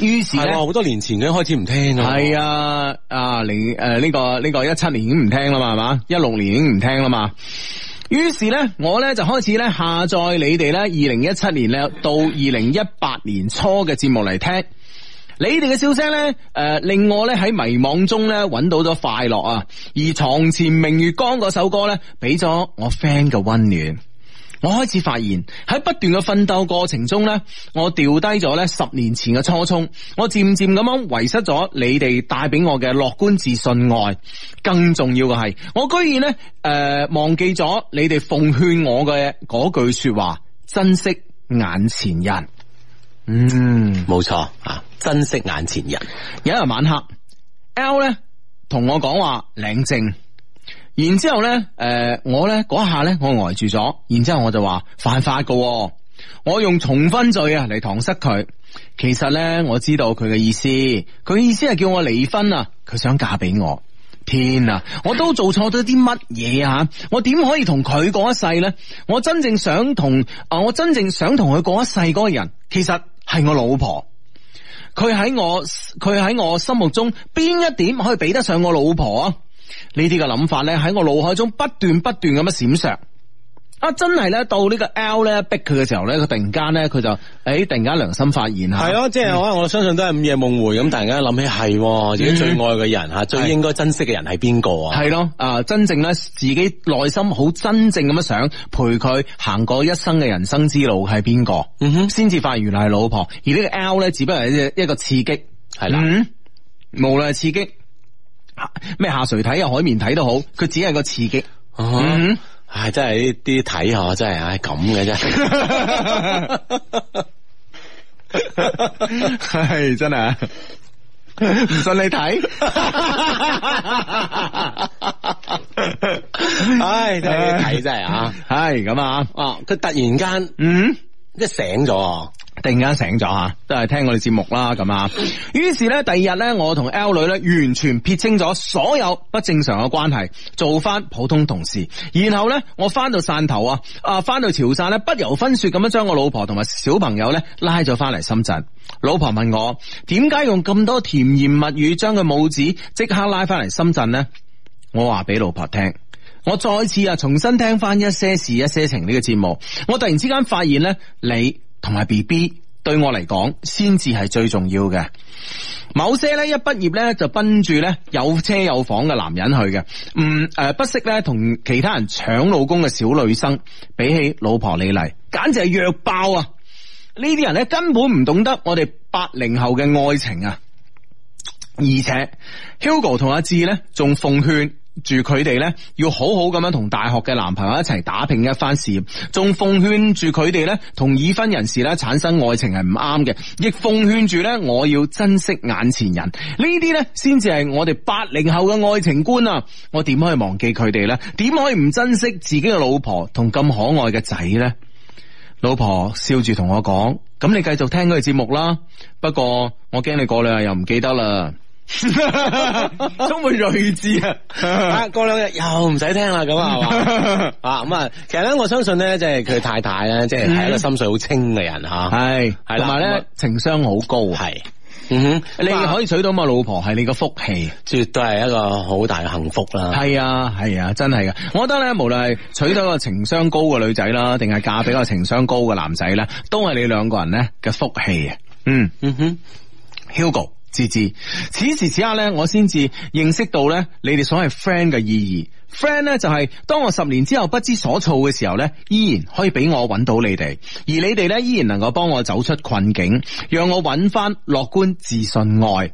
於是好多年前已經開始唔聽嘅，係啊啊零誒呢個呢、這個一七年已經唔聽啦嘛，係嘛，一六年已經唔聽啦嘛，於是咧我咧就開始咧下載你哋咧二零一七年咧到二零一八年初嘅節目嚟聽。你哋嘅笑聲咧，誒、呃，令我咧喺迷惘中咧揾到咗快樂啊！而床前明月光首歌咧，俾咗我 friend 嘅溫暖。我開始發現喺不斷嘅奮鬥過程中咧，我掉低咗咧十年前嘅初衷。我漸漸咁樣遺失咗你哋帶俾我嘅樂觀自信外，更重要嘅係，我居然咧誒、呃，忘記咗你哋奉勸我嘅句說話：珍惜眼前人。嗯，冇錯啊！珍惜眼前人。有一日晚黑，L 咧同我講話領證，然之後咧，誒、呃，我咧嗰下咧，我呆住咗。然之後我就話犯法噶、哦，我用重婚罪啊嚟搪塞佢。其實咧，我知道佢嘅意思，佢嘅意思係叫我離婚啊，佢想嫁俾我。天啊！我都做錯咗啲乜嘢啊？我點可以同佢過一世咧？我真正想同啊，我真正想同佢過一世嗰個人，其實。係我老婆，佢喺我佢喺我心目中邊一點可以比得上我老婆啊？呢啲嘅諗法咧喺我腦海中不斷不斷咁樣閃爍。啊、真係咧，到呢個 L 咧，逼佢嘅時候咧，佢突然間咧，佢就誒、欸、突然間良心發現啦。係咯，嗯、即係我我相信都係午夜夢回咁，突然間諗起係自己最愛嘅人吓，嗯、最應該珍惜嘅人係邊個啊？係咯，啊，真正咧自己內心好真正咁樣想陪佢行過一生嘅人生之路係邊個？嗯哼，先至發現原來係老婆。而呢個 L 咧，只不過係一一個刺激，係啦。嗯，無論係刺激，咩下垂體又海綿體都好，佢只係個刺激。嗯嗯係真係啲睇下，真係唉，咁嘅啫，係真係唔信你睇，唉、哎，睇睇真係、哎、啊，係咁啊，哦，佢突然間嗯，即醒咗。突然間醒咗吓，都係聽我哋節目啦咁啊。於是咧，第二日咧，我同 L 女咧完全撇清咗所有不正常嘅關係，做翻普通同事。然後咧，我翻到汕頭啊，啊翻到潮汕咧，不由分說咁樣將我老婆同埋小朋友咧拉咗翻嚟深圳。老婆問我點解用咁多甜言蜜語將佢母子即刻拉翻嚟深圳呢？我話俾老婆聽，我再次啊重新聽翻一些事一些情呢個節目，我突然之間發現咧你。同埋 B B 對我嚟講，先至係最重要嘅。某些咧一畢業咧就奔住咧有車有房嘅男人去嘅，唔、呃、誒不惜咧同其他人搶老公嘅小女生，比起老婆你嚟，簡直係弱爆啊！呢啲人咧根本唔懂得我哋八零後嘅愛情啊！而且 Hugo 同阿智咧仲奉勸住佢哋呢，要好好咁樣同大學嘅男朋友一齊打拼一番事業，仲奉勸住佢哋呢，同已婚人士呢產生愛情係唔啱嘅，亦奉勸住呢，我要珍惜眼前人，呢啲呢，先至係我哋八零後嘅愛情觀啊！我點可以忘記佢哋呢？點可以唔珍惜自己嘅老婆同咁可愛嘅仔呢？老婆笑住同我講：咁你繼續聽佢嘅節目啦，不過我驚你過兩日又唔記得啦。充 滿睿智啊！ 過兩日又唔使聽啦，咁啊嘛啊咁啊， 其實咧我相信咧，即係佢太太咧，即係係一個心水好清嘅人吓，係係同埋咧情商好高，係嗯哼，你可以娶到個老婆，係你個福氣，絕對係一個好大嘅幸福啦。係啊係啊，真係噶！嗯、我覺得咧，無論係娶到個情商高嘅女仔啦，定係嫁俾個情商高嘅男仔咧，都係你兩個人咧嘅福氣啊！嗯嗯哼，Hugo。嗯自此此時此刻咧，我先至認識到咧，你哋所謂 friend 嘅意義。friend 咧就係當我十年之後不知所措嘅時候咧，依然可以俾我揾到你哋，而你哋咧依然能夠幫我走出困境，讓我揾翻樂觀、自信、愛。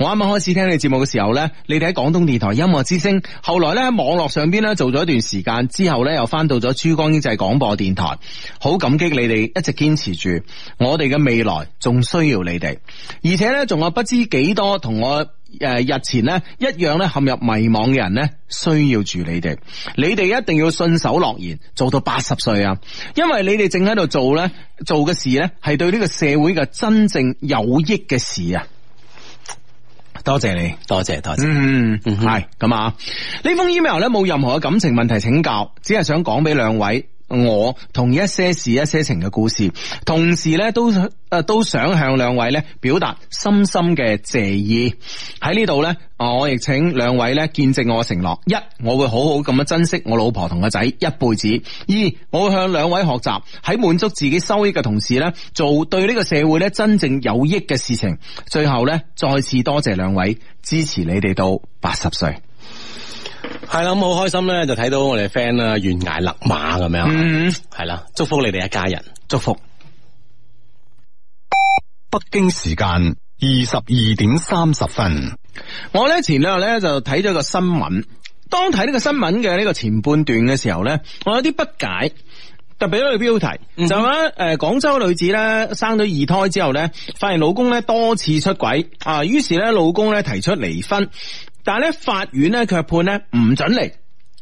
我啱啱開始聽你節目嘅時候呢，你哋喺廣東電台音樂之聲，後來呢喺網絡上邊咧做咗一段時間之後呢又翻到咗珠江經濟廣播電台，好感激你哋一直堅持住，我哋嘅未來仲需要你哋，而且呢，仲有不知幾多同我誒日前咧一樣咧陷入迷茫嘅人呢，需要住你哋，你哋一定要信守諾言，做到八十歲啊，因為你哋正喺度做呢，做嘅事呢，係對呢個社會嘅真正有益嘅事啊！多謝你，多謝多謝，多謝，嗯，係咁啊！呢 封 email 咧冇任何嘅感情問題請教，只係想講俾兩位。我同一些事一些情嘅故事，同時咧都誒都想向兩位咧表達深深嘅謝意。喺呢度咧，我亦請兩位咧見證我嘅承諾：一，我會好好咁樣珍惜我老婆同個仔一輩子；二，我會向兩位學習，喺滿足自己收益嘅同時咧，做對呢個社會咧真正有益嘅事情。最後咧，再次多謝兩位支持你哋到八十歲。係啦，咁好開心咧，就睇到，我哋 friend 啦，懸崖勒馬咁樣。嗯，係啦，祝福你哋一家人，祝福。北京時間二十二點三十分，我咧前兩日咧就睇咗個新聞。當睇呢個新聞嘅呢個前半段嘅時候咧，我有啲不解，特別呢個標題、嗯、哼就話咧，誒，廣州女子咧生咗二胎之後咧，發現老公咧多次出軌啊，於是咧老公咧提出離婚。但係咧，法院咧卻判咧唔准離，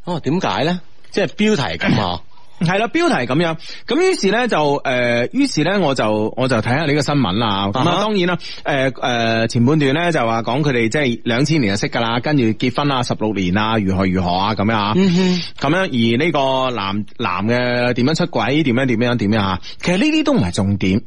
哦，點解咧？即係標題咁啊，係啦， 標題咁樣。咁於是咧就誒，於、呃、是咧我就我就睇下呢個新聞啦。咁當然啦，誒、呃、誒、呃，前半段咧就話講佢哋即係兩千年就識噶啦，跟住結婚啊，十六年啊，如何如何啊，咁樣啊。咁樣、嗯哼，而呢個男男嘅點樣出軌，點樣點樣點樣啊？其實呢啲都唔係重點。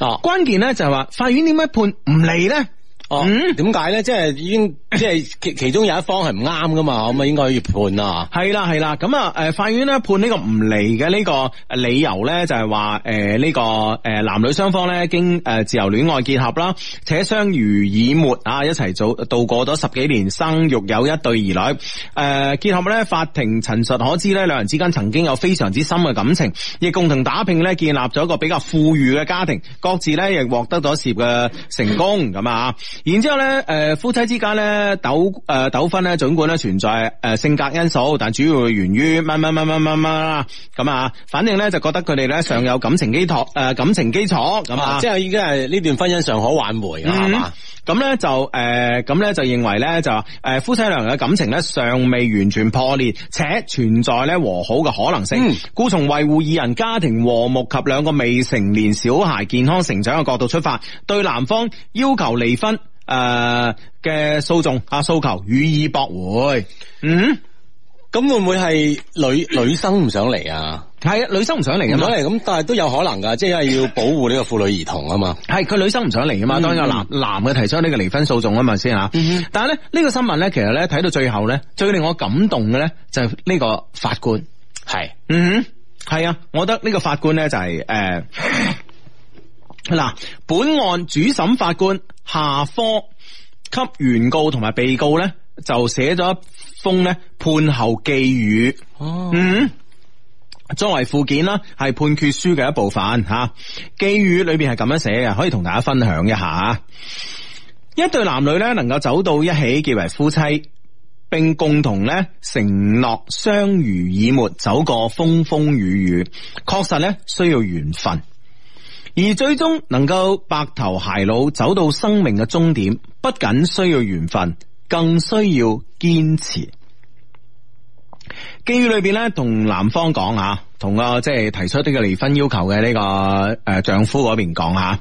哦，關鍵咧就係、是、話法院點解判唔離咧？哦，點解咧？即係已經，即係其其中有一方係唔啱噶嘛？咁啊， 應該要判啊。係啦，係啦。咁啊，誒，法院咧判呢個唔離嘅呢個誒理由咧，就係話誒呢個誒男女雙方咧經誒自由戀愛結合啦，且相濡以沫啊，一齊做度過咗十幾年生，生育有一對兒女。誒、呃，結合咧，法庭陳述可知咧，兩人之間曾經有非常之深嘅感情，亦共同打拼咧，建立咗一個比較富裕嘅家庭，各自咧亦獲得咗涉嘅成功。咁啊。 然之後咧，誒、呃，夫妻之間咧鬥誒，糾紛咧，盡、呃、管咧存在誒性格因素，但主要係源於乜乜乜乜乜乜啦，咁啊，反正咧就覺得佢哋咧尚有感情基礎，誒、呃，感情基礎，咁啊，啊即係已經係呢段婚姻尚可挽回㗎，係嘛、嗯。咁咧就誒，咁、呃、咧就認為咧就誒、呃，夫妻兩人嘅感情咧尚未完全破裂，且存在咧和好嘅可能性，嗯、故從維護二人家庭和睦及兩個未成年小孩健康成長嘅角度出發，對男方要求離婚誒嘅訴訟啊訴求予以駁回。嗯，咁會唔會係女 女生唔想嚟啊？係啊，女生唔想嚟嘅嘛，咁但係都有可能噶，即係要保護呢個婦女兒童啊嘛。係佢女生唔想嚟嘅嘛，嗯、當然男男嘅提出呢個離婚訴訟啊嘛先吓，嗯、但係咧呢個新聞咧，其實咧睇到最後咧，最令我感動嘅咧就係呢個法官係，是嗯哼，係啊，我覺得呢個法官咧就係、是、誒，嗱、呃， 本案主審法官下科，給原告同埋被告咧就寫咗一封咧判後寄語哦，嗯。作為附件啦，係判決書嘅一部分吓。寄語裏邊係咁樣寫嘅，可以同大家分享一下。一對男女咧，能夠走到一起結為夫妻，並共同咧承諾相濡以沫，走過風風雨雨，確實咧需要緣分。而最終能夠白頭偕老，走到生命嘅終點，不僅需要緣分，更需要堅持。基於裏邊咧，同男方講吓，同個即係提出呢個離婚要求嘅呢個誒丈夫嗰邊講吓。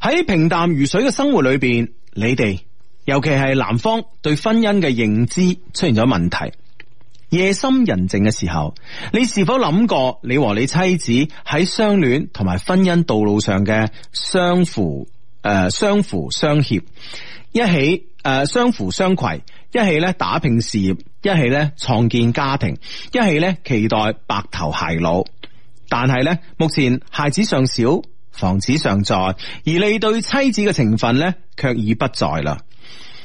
喺平淡如水嘅生活裏邊，你哋尤其係男方對婚姻嘅認知出現咗問題。夜深人靜嘅時候，你是否諗過你和你妻子喺相戀同埋婚姻道路上嘅相扶誒、呃、相扶相協，一起誒、呃、相扶相攜？一起咧打拼事業，一起咧創建家庭，一起咧期待白頭偕老。但係咧，目前孩子尚小，房子尚在，而你對妻子嘅情分咧卻已不在啦。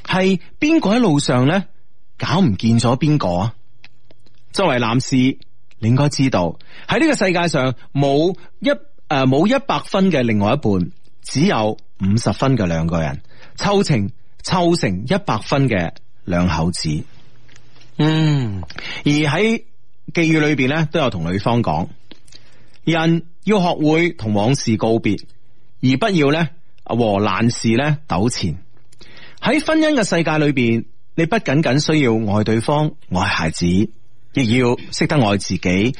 係邊個喺路上咧搞唔見咗邊個啊？作為男士，你應該知道喺呢個世界上冇一誒、冇、呃、一百分嘅另外一半，只有五十分嘅兩個人湊成湊成一百分嘅。兩口子，嗯，而喺寄語裏邊咧，都有同女方講，人要學會同往事告別，而不要咧和難事咧糾纏。喺婚姻嘅世界裏邊，你不僅僅需要愛對方、愛孩子，亦要識得愛自己。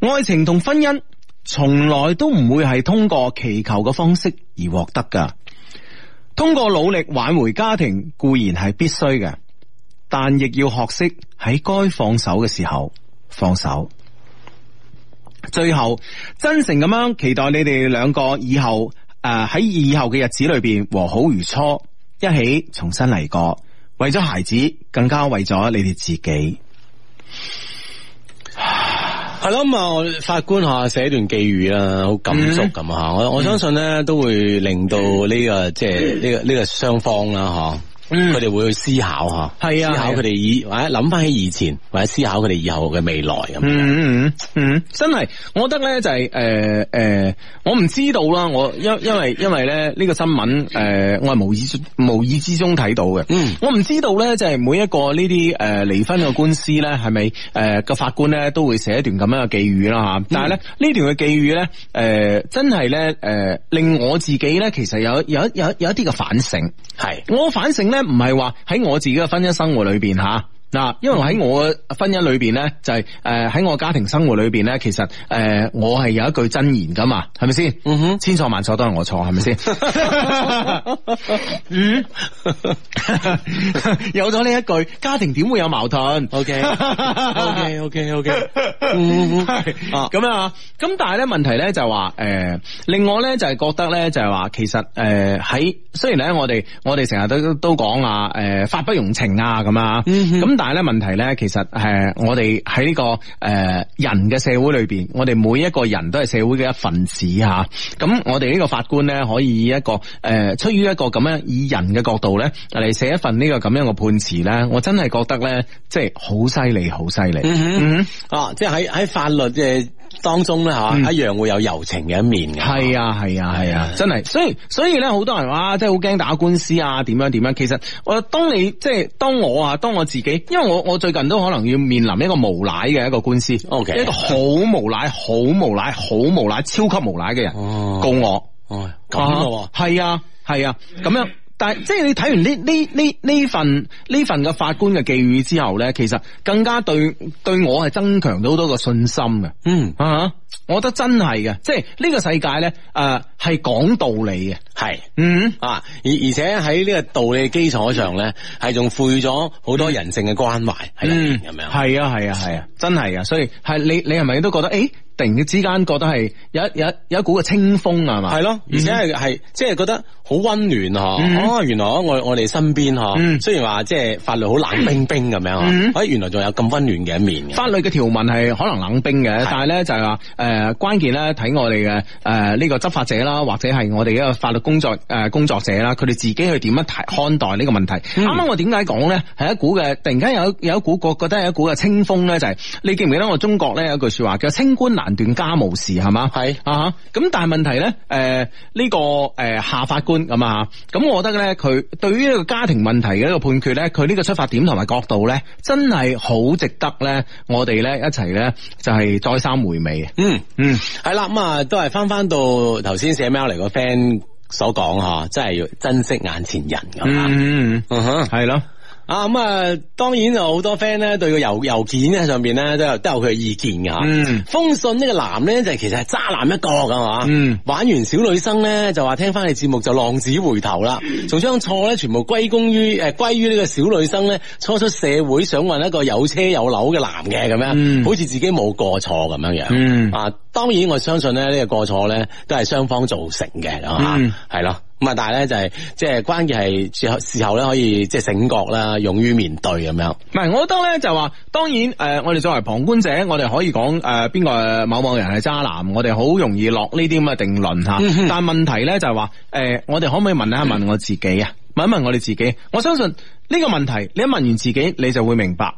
愛情同婚姻從來都唔會係通過祈求嘅方式而獲得噶，通過努力挽回家庭固然係必須嘅。但亦要學識喺該放手嘅時候放手。最後真誠咁樣期待你哋兩個以後誒喺、呃、以後嘅日子裏邊和好如初，一起重新嚟過，為咗孩子，更加為咗你哋自己。係咯咁啊！法官下寫段寄語啊，好感觸咁吓。嗯、我我相信咧都會令到呢、這個即係呢個呢、這個這個雙方啦，吓。嗯，佢哋會去思考吓，係啊，思考佢哋以或者諗返起以前，或者思考佢哋以後嘅未來咁、嗯。嗯嗯嗯嗯，真係，我覺得咧就係誒誒，我唔知道啦。我因因為因為咧呢個新聞誒、呃，我係無意無意之中睇到嘅。嗯，我唔知道咧就係每一個呢啲誒離婚嘅官司咧，係咪誒個法官咧都會寫一段咁樣嘅寄語啦吓。但係咧呢、嗯、段嘅寄語咧，誒、呃、真係咧誒令我自己咧其實有有有有，有一啲嘅反省。係我反省咧。唔係話喺我自己嘅婚姻生活裏邊吓。嗱，因為我喺我婚姻裏邊咧，就係誒喺我家庭生活裏邊咧，其實誒我係有一句真言噶嘛，係咪先？嗯哼，千錯萬錯都係我錯，係咪先？嗯， 有咗呢一句，家庭點會有矛盾？O K，O K，O K，O K，嗯嗯啊，咁啊，咁但係咧問題咧就係話誒，另外咧就係覺得咧就係、是、話，其實誒喺、呃、雖然咧我哋我哋成日都都講啊，誒、呃、法不容情啊咁啊，咁但但係咧問題咧，其實誒、這個，我哋喺呢個誒人嘅社會裏邊，我哋每一個人都係社會嘅一份子吓。咁、啊、我哋呢個法官咧，可以一個誒、呃，出於一個咁樣以人嘅角度咧嚟寫一份呢個咁樣嘅判詞咧，我真係覺得咧，即係好犀利，好犀利。嗯哼，嗯哼，啊，即係喺喺法律嘅。呃當中咧吓，嗯、一樣會有柔情嘅一面嘅。係啊，係啊，係啊，啊，啊，啊，真係。所以所以咧，好多人話，即係好驚打官司啊，點樣點樣。其實我當你即係當我啊，當我自己，因為我我最近都可能要面臨一個無賴嘅一個官司。OK，一個好無賴、好無賴、好無賴、超級無賴嘅人、哦、告我。哦、嗯，咁嘅係啊係啊，咁、啊啊、樣。但係，即係你睇完呢呢呢呢份呢份嘅法官嘅寄語之後咧，其實更加對對我係增強到好多嘅信心嘅，嗯啊。我覺得真係嘅，即係呢個世界咧，誒係講道理嘅，係，嗯啊，而而且喺呢個道理基礎上咧，係仲賦予咗好多人性嘅關懷，係咁樣，係啊，係啊，係啊，真係啊，所以係你你係咪都覺得誒，突然之間覺得係有有有一股嘅清風啊嘛？係咯，而且係係即係覺得好溫暖啊。哦，原來我我哋身邊嗬，雖然話即係法律好冷冰冰咁樣，哎，原來仲有咁溫暖嘅一面。法律嘅條文係可能冷冰嘅，但係咧就係話。誒、呃，關鍵咧睇我哋嘅誒呢個執法者啦，或者係我哋一個法律工作誒、呃、工作者啦，佢哋自己去點樣睇看待呢個問題。啱啱、嗯、我點解講咧，係一股嘅突然間有有一股覺覺得有一股嘅清風咧，就係、是、你記唔記得我中國咧有一句說話叫清官難斷家務事，係嘛？係是啊哈。咁但係問題咧，誒、呃、呢、這個誒、呃、下法官咁啊，咁我覺得咧佢對於一個家庭問題嘅一個判決咧，佢呢個出發點同埋角度咧，真係好值得咧我哋咧一齊咧就係再三,三回味。嗯。嗯，係啦，咁啊，都係翻翻到頭先寫 mail 嚟個 friend 所講吓，即係要珍惜眼前人咁啊，嗯嗯，係咯。啊咁啊，當然就好多 friend 咧，對個郵郵件喺上邊咧，都有都有佢嘅意見嘅吓。嗯、封信呢個男咧，就其實係渣男一個㗎嘛。嗯、玩完小女生咧，就話聽翻你節目就浪子回頭啦，仲將錯咧全部歸功於誒歸於呢個小女生咧，初出社會想揾一個有車有樓嘅男嘅咁、嗯、樣，好似自己冇過錯咁樣樣。啊，當然我相信咧呢個過錯咧都係雙方造成嘅，係咯、嗯。咁啊！但係咧就係即係關鍵係時候咧可以即係、就是、醒覺啦，勇於面對咁樣。唔係，我覺得咧就話，當然誒、呃，我哋作為旁觀者，我哋可以講誒、邊、呃、個某某人係渣男，我哋好容易落呢啲咁嘅定論吓。嗯、哼但係問題咧就係、是、話，誒、呃，我哋可唔可以問一問我自己啊？嗯、問一問我哋自己？我相信呢個問題，你一問完自己，你就會明白。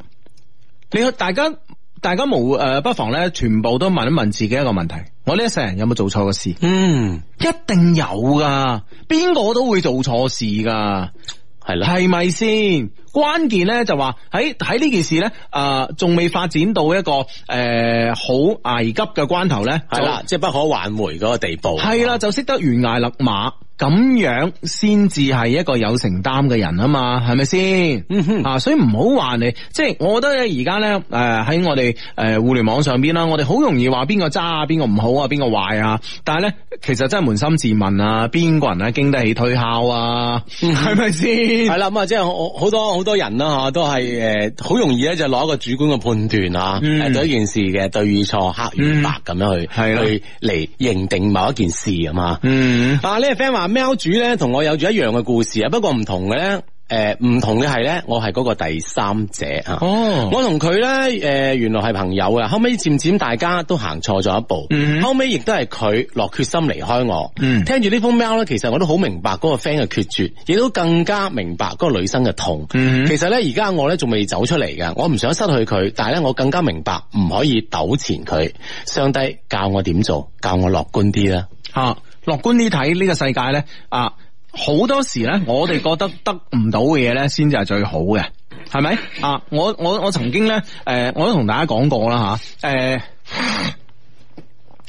你大家大家無誒、呃、不妨咧，全部都問一問自己一個問題。我呢一世人有冇做錯過事？嗯，一定有噶，邊個都會做錯事噶，係啦，係咪先？關鍵咧就話喺喺呢件事咧，啊，仲未發展到一個誒好危急嘅關頭咧，係啦，即係不可挽回個地步的。係啦、嗯哼，就識得懸崖勒馬，咁樣先至係一個有承擔嘅人啊嘛，係咪先？嗯哼，啊，所以唔好話你，即係我覺得咧，而家咧，誒喺我哋誒互聯網上邊啦，我哋好容易話邊個渣啊，邊個唔好啊，邊個壞啊，但係咧，其實真係捫心自問啊，邊個人咧經得起推敲啊？係咪先？係啦、嗯哼，咁啊，即係我好多多人啦、啊、吓都係誒好容易咧，就攞一個主觀嘅判斷啊，嗯呃、對一件事嘅對與錯，黑與白咁樣去、嗯、去嚟是的 認定某一件事啊嘛。嗯，啊呢個 friend 話，喵主咧同我有住一樣嘅故事啊，不過唔同嘅咧。誒，唔、呃、同嘅係呢，我係嗰個第三者啊！哦，我同佢呢，誒、呃，原來係朋友啊，後尾漸漸大家都行錯咗一步，嗯、哼後尾亦都係佢落決心離開我。嗯，聽住呢封 mail 呢，其實我都好明白嗰個 friend 嘅決絕，亦都更加明白嗰個女生嘅痛。嗯、哼其實呢，而家我呢仲未走出嚟噶，我唔想失去佢，但係呢，我更加明白唔可以糾纏佢。上帝教我點做，教我樂觀啲啦、啊。啊，樂觀啲睇呢個世界呢。啊！好多時咧，我哋覺得得唔到嘅嘢咧，先至係最好嘅，係咪啊？我我我曾經咧，誒、呃，我都同大家講過啦吓，誒、呃。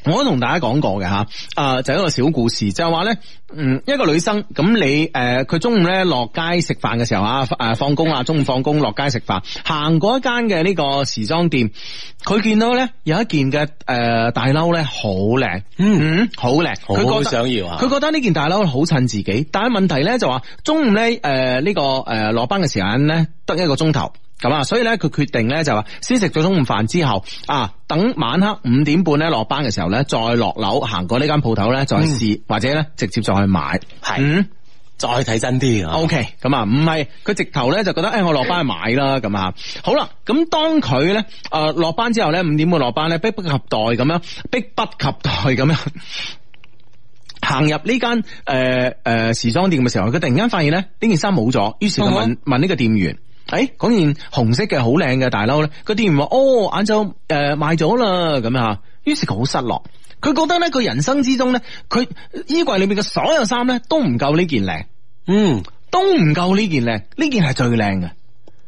我都同大家講過嘅吓，誒、呃、就係、一個小故事，就係話咧，嗯一個女生咁你誒佢、呃、中午咧落街食飯嘅時候啊誒放工啊中午放工落街食飯，行過一間嘅呢個時裝店，佢見到咧有一件嘅誒、呃、大褸咧好靚，嗯嗯好靚，好、嗯、好想要啊，佢覺得呢件大褸好襯自己，但係問題咧就話、係、中午咧誒呢、呃這個誒落、呃呃呃呃、班嘅時間咧得一個鐘頭。咁啊，所以咧，佢決定咧就話，先食咗中午飯之後，啊，等晚黑五點半咧落班嘅時候咧，再落樓行過呢間鋪頭咧，再試、嗯、或者咧直接再去買，係是，嗯、再睇真啲。啊、OK，咁啊，唔係佢直頭咧就覺得，誒、哎，我落班去買啦，咁啊，好啦，咁當佢咧誒落班之後咧五點半落班咧，迫不及待咁樣，迫不及待咁樣行入呢間誒誒時裝店嘅時候，佢突然間發現咧呢件衫冇咗，於是就問、嗯、哼問呢個店員。誒、哎，果然紅色嘅好靚嘅大褸咧，個店員話：哦，晏晝誒賣咗啦，咁啊。於是佢好失落，佢覺得咧，佢人生之中咧，佢衣櫃裏邊嘅所有衫咧，都唔夠呢件靚，嗯，都唔夠呢件靚，呢件係最靚嘅，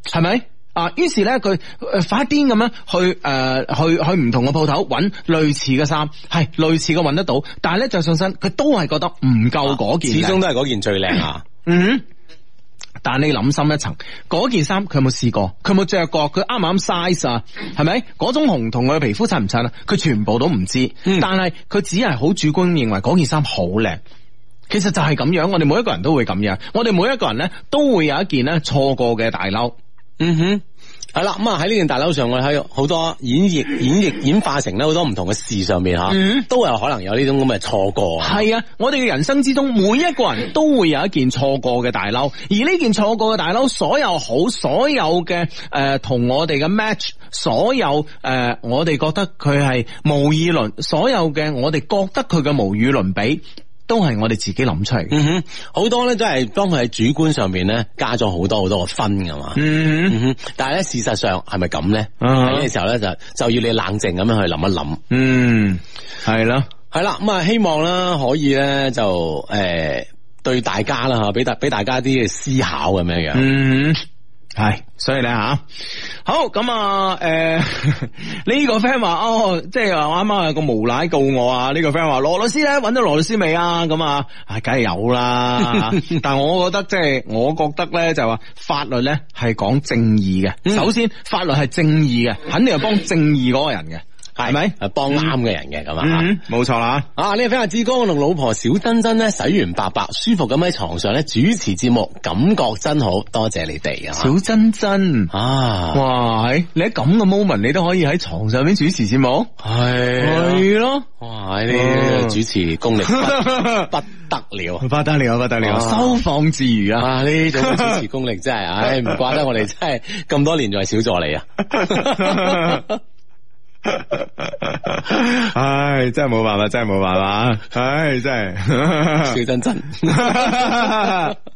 係咪？啊，於是咧佢快啲咁樣去誒、呃，去去唔同嘅鋪頭揾類似嘅衫，係類似嘅揾得到，但係咧就上身，佢都係覺得唔夠嗰件、啊，始終都係嗰件最靚啊、嗯，嗯。但你諗深一層，嗰件衫佢有冇試過？佢有冇着過？佢啱唔啱 size 啊？係咪？嗰種紅同佢嘅皮膚襯唔襯啊？佢全部都唔知，嗯、但係佢只係好主觀認為嗰件衫好靚。其實就係咁樣，我哋每一個人都會咁樣。我哋每一個人咧都會有一件咧錯過嘅大褸。嗯哼。係啦，咁啊喺呢件大褸上，我哋喺好多演繹、演繹、演化成咧好多唔同嘅事上面，吓、嗯，都有可能有呢種咁嘅錯過。係啊，我哋嘅人生之中，每一個人都會有一件錯過嘅大褸，而呢件錯過嘅大褸，所有好，所有嘅誒同我哋嘅 match，所有誒、呃、我哋覺得佢係無與倫，所有嘅我哋覺得佢嘅無與倫比。都係我哋自己諗出嚟嘅。嗯哼，好多咧都係幫佢喺主觀上邊咧加咗好多好多嘅分㗎嘛。嗯哼，但係咧事實上係咪咁咧？呢個時候咧就就要你冷靜咁樣去諗一諗。嗯，係啦，係啦。咁啊，希望啦，可以咧就誒對大家啦吓，俾大俾大家啲思考咁樣樣。嗯。嗯係，所以你吓好咁啊？誒，呢、嗯啊這個 friend 話哦，即、就、係、是、我啱啱有個無賴告我、這個、啊。呢個 friend 話羅律師咧，揾咗羅律師未啊？咁啊，係梗係有啦。啊、但係我覺得即係、就是，我覺得咧就話、是、法律咧係講正義嘅。首先，法律係正義嘅，肯定係幫正義嗰個人嘅。係咪啊幫啱嘅人嘅咁啊？冇錯啦！啊，呢位阿志剛，同老婆小珍珍咧洗完白白，舒服咁喺床上咧主持節目，感覺真好，多謝你哋啊！小珍珍啊！哇！你喺咁嘅 moment 你都可以喺床上邊主持節目，係係咯！哇！呢主持功力不，不，得 不得了，不得了，不得了！收放自如啊！呢種、啊、主持功力真係，唉、哎、唔怪得我哋真係咁多年就係小助理啊！ 唉，真係冇辦法，真係冇辦法， 唉，真係小真真。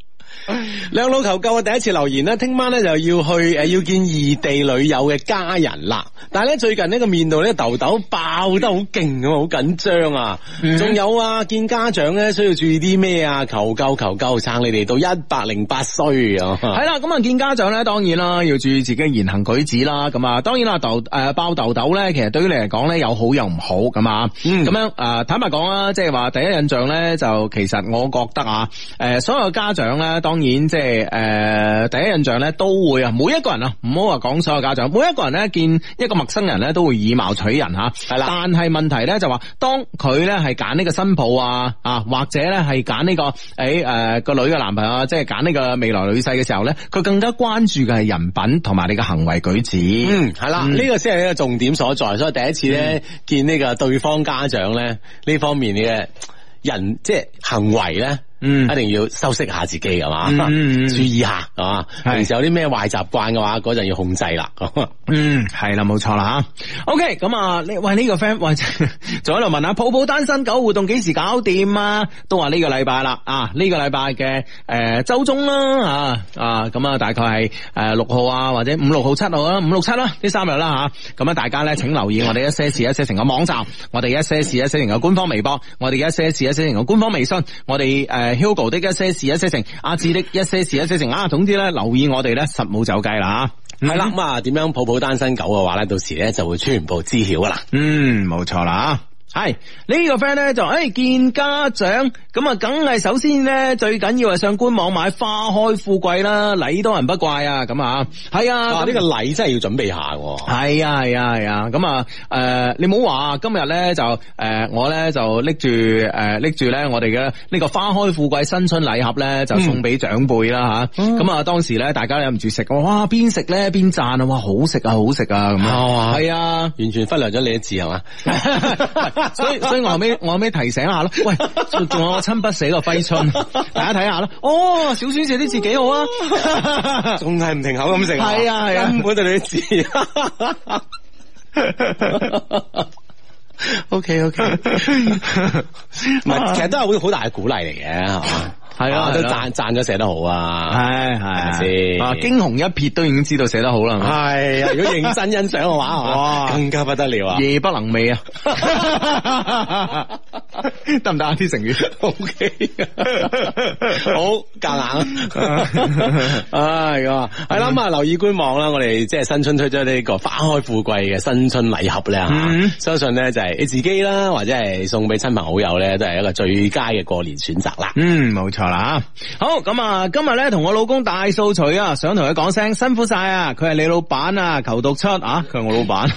兩老求救啊！第一次留言啦，聽晚咧就要去誒、呃，要見異地女友嘅家人啦。但係咧最近呢個面度咧痘痘爆得好勁，咁好緊張啊！仲，嗯、有啊，見家長咧需要注意啲咩啊？求救求救，撐你哋到一百零八歲啊！係、嗯、啦，咁啊見家長咧，當然啦要注意自己言行舉止啦。咁啊，當然啦豆誒、呃、爆痘痘咧，其實對於你嚟講咧有好有唔好咁啊。咁，嗯、樣誒、呃、坦白講啦，即係話第一印象咧就其實我覺得啊誒所有家長咧。當然、就是，即係誒，第一印象咧都會啊，每一個人啊，唔好話講所有家長，每一個人咧見一個陌生人咧都會以貌取人吓，係啦、嗯。但係問題咧就話、是，當佢咧係揀呢個新抱啊啊，或者咧係揀呢個誒誒個女嘅男朋友，即係揀呢個未來女婿嘅時候咧，佢更加關注嘅係人品同埋你嘅行為舉止。嗯，係啦、嗯，呢、嗯、個先係一個重點所在。所以第一次咧、嗯、見呢個對方家長咧呢方面嘅人，即係行為咧。嗯，一定要收拾下自己係嘛，注意下係嘛，平時有啲咩壞習慣嘅話，嗰陣要控制啦。嗯，係啦，冇錯啦。吓，OK，咁啊，為呢個 friend，仲喺度問下抱抱單身狗活動幾時搞掂啊？都話呢個禮拜啦，啊，呢個禮拜嘅誒周中啦，啊啊，咁啊大概係誒六號啊，或者五六號、七號啊，五六七啦，呢三日啦吓。咁啊，大家咧請留意我哋一 S S S 成個網站，我哋一 S S S 成個官方微博，我哋一 S S S 成個官方微信，我哋誒。Hugo 的一些事一些情，阿志的一些事一些情，啊，總之咧，留意我哋咧實，冇走雞。mm hmm. 嗯、啦，吓，係啦，咁啊，點樣抱抱單身狗嘅話咧，到時咧就會全部知曉噶啦，嗯，冇錯啦。吓。係呢個 friend 咧就誒見家長咁啊，梗係首先咧最緊要係上官網買花開富貴啦，禮多人不怪啊，咁啊係啊，呢個禮真係要準備下吧。係啊係啊係啊，咁啊誒你唔好話今日咧就誒我咧就拎住誒拎住咧我哋嘅呢個花開富貴新春禮盒咧就送俾長輩啦吓，咁、嗯、啊當時咧大家忍唔住食，哇邊食咧邊讚啊，哇好食啊好食啊咁啊，係啊完全忽略咗你嘅字係嘛。iot 患 ęd 所以所以我後尾我後尾提醒下咯，喂，仲有我親筆寫個揮春，大家睇下咯，哦，小小姐啲字幾好啊，仲係唔停口咁寫，係啊係啊，我對你啲字 ，OK OK，唔係其實都係會好大嘅鼓勵嚟嘅，係嘛。係啊，都讚讚咗寫得好啊！係係，驚鴻一瞥都已經知道寫得好啦。係，如果認真欣賞嘅話，哇，更加不得了，啊，夜不能寐啊！得唔得？啲成語，O K，好，夾硬啊！係啊，係啦，咁啊，留意官網啦，我哋即係新春推出呢個花開富貴嘅新春禮盒咧，相信呢就係你自己啦，或者係送俾親朋好友咧，都係一個最佳嘅過年選擇啦。嗯，冇錯。嗱，好咁啊！今日咧同我老公大掃除啊，想同佢講聲辛苦晒啊！佢係你老闆啊，求讀出啊！佢係我老闆，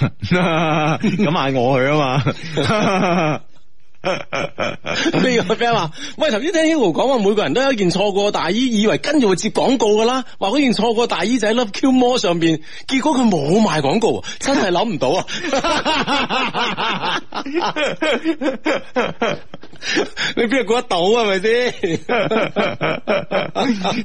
咁 嗌我去啊嘛！呢個 friend 話，喂，頭先聽 Hugo 講話，每個人都有一件錯過大衣，以為跟住會接廣告噶啦，話嗰件錯過大衣仔喺 Q 摩上邊，結果佢冇賣廣告，真係諗唔到啊！ 你邊度估得到啊？係咪先，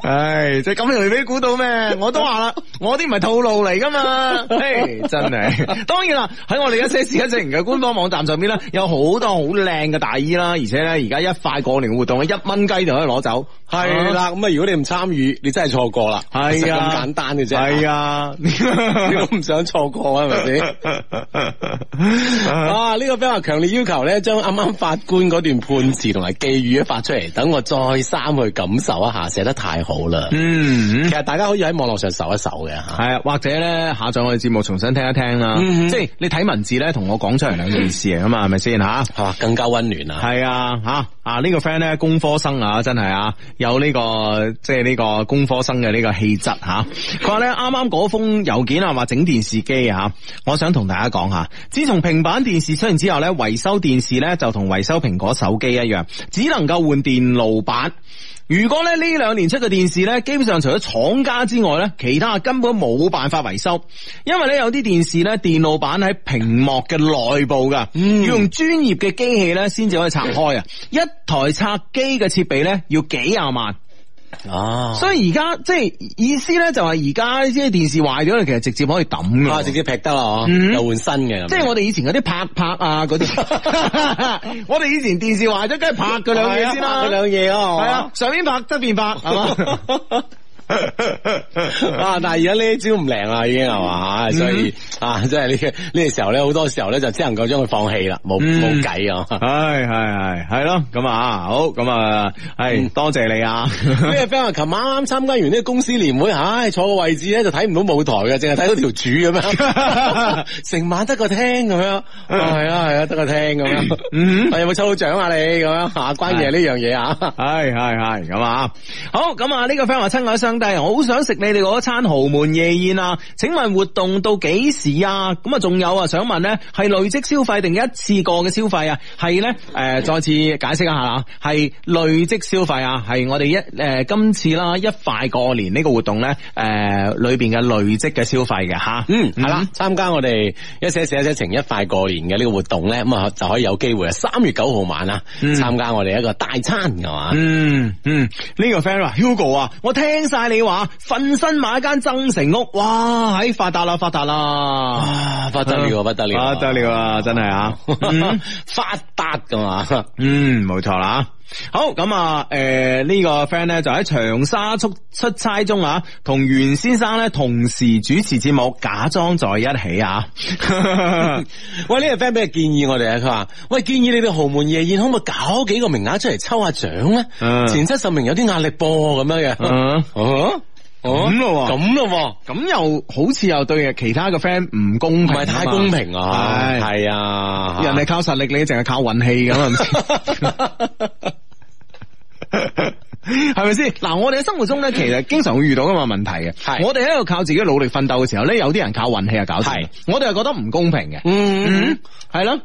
唉、 哎，即係咁容易俾估到咩？我都話啦，我啲唔係套路嚟噶嘛， 嘿，真係。 當然啦，喺我哋一些事一些情嘅官方網站上邊咧，有好多好靚嘅大衣啦，而且咧而家一塊過年活動，一蚊雞就可以攞走，係啦。咁啊，如果你唔參與，你真係錯過啦。係啊，咁簡單嘅啫。係 啊，如果唔想錯過是是 啊？係咪先？啊，呢個比較強烈要求咧，將啱啱法官嗰段。判詞同埋寄語一發出嚟，等我再三去感受一下，寫得太好啦，嗯！嗯，其實大家可以喺網絡上搜一搜嘅，係啊，或者咧下載我哋節目重新聽一聽啦。嗯、即係你睇文字咧，同我講出嚟兩件事啊嘛，係咪先吓？係啊，更加溫暖啊！係啊，吓啊呢個 friend 咧，工科生啊，真係啊，這個，有、就、呢、是、個即係呢個工科生嘅呢個氣質吓。佢話咧，啱啱嗰封郵件啊，話整電視機啊，我想同大家講下，自從平板電視出現之後咧，維修電視咧就同維修蘋果手。手機一樣，只能夠換電路板。如果咧呢兩年出嘅電視咧，基本上除咗廠家之外咧，其他根本冇辦法維修。因為咧有啲電視咧電路板喺屏幕嘅內部噶，要、嗯、用專業嘅機器咧先至可以拆開啊！一台拆機嘅設備咧要幾廿萬。哦，啊、所以而家即係意思咧，就係而家即係電視壞咗，你其實直接可以抌噶、啊，直接劈得咯，嗯、又換新嘅。即係我哋以前嗰啲拍拍啊，嗰啲，我哋以前電視壞咗，梗係拍佢兩嘢先啦、啊，兩嘢、啊。係啊，啊，上面拍側邊拍，係嘛。 嗎 哇！但係而家呢招唔靈啦，已經係嘛，所以啊，真係呢呢個時候咧，好多時候咧就只能夠將佢放棄啦，冇冇計啊。唉，係係係係咯，咁啊好，咁啊係，多謝你啊。呢個 friend 話，琴晚啱參加完呢個公司年會，唉，坐個位置咧就睇唔到舞台嘅，淨係睇到條柱咁樣，成晚得個聽咁樣，係啊係啊，得個聽咁樣，嗯，有冇抽到獎啊你咁樣吓？關於呢樣嘢啊，唉，係係係咁啊，好，咁啊呢個 friend 話親我一但係我好想食你哋嗰餐豪門夜宴啊！請問活動到幾時啊？咁啊，仲有啊，想問咧，係累積消費定一次過嘅消費啊？係咧，誒、呃，再次解釋一下啊，係累積消費啊，係我哋一誒、呃、今次啦，一塊過年呢個活動咧，誒、呃、裏邊嘅累積嘅消費嘅吓，啊、嗯，係啦，參加我哋一些事一些情一塊過年嘅呢個活動咧，咁啊就可以有機會啊，三月九號晚啊，嗯、參加我哋一個大餐係嘛、嗯，嗯嗯，呢、這個 friend 話，Hugo 啊，我聽晒。你話瞓身買一間增城屋，哇！喺發達啦，發達啦，啊，發達了，哇，不得了，不得了啊，真係啊，嗯、發達噶嘛，嗯，冇錯啦。好咁啊！誒、嗯，呢、這個 friend 咧就喺長沙出出差中啊，同袁先生咧同時主持節目，假裝在一起啊！ 喂，呢、這個 friend 俾個建議我哋啊，佢話：喂，建議你哋豪門夜宴可唔可以搞幾個名額出嚟抽下獎咧？嗯、前七十名有啲壓力噃咁樣嘅、啊。哦、啊，咁咯，咁咯，咁又好似又對其他嘅 friend 唔公平，唔係太公平啊！係啊，人哋靠實力，你淨係靠運氣咁 係咪先？嗱，我哋喺生活中咧，其實經常會遇到咁嘅問題嘅。係是我哋喺度靠自己努力奮鬥嘅時候咧，有啲人靠運氣啊搞事，是我哋係覺得唔公平嘅。嗯，係咯、嗯。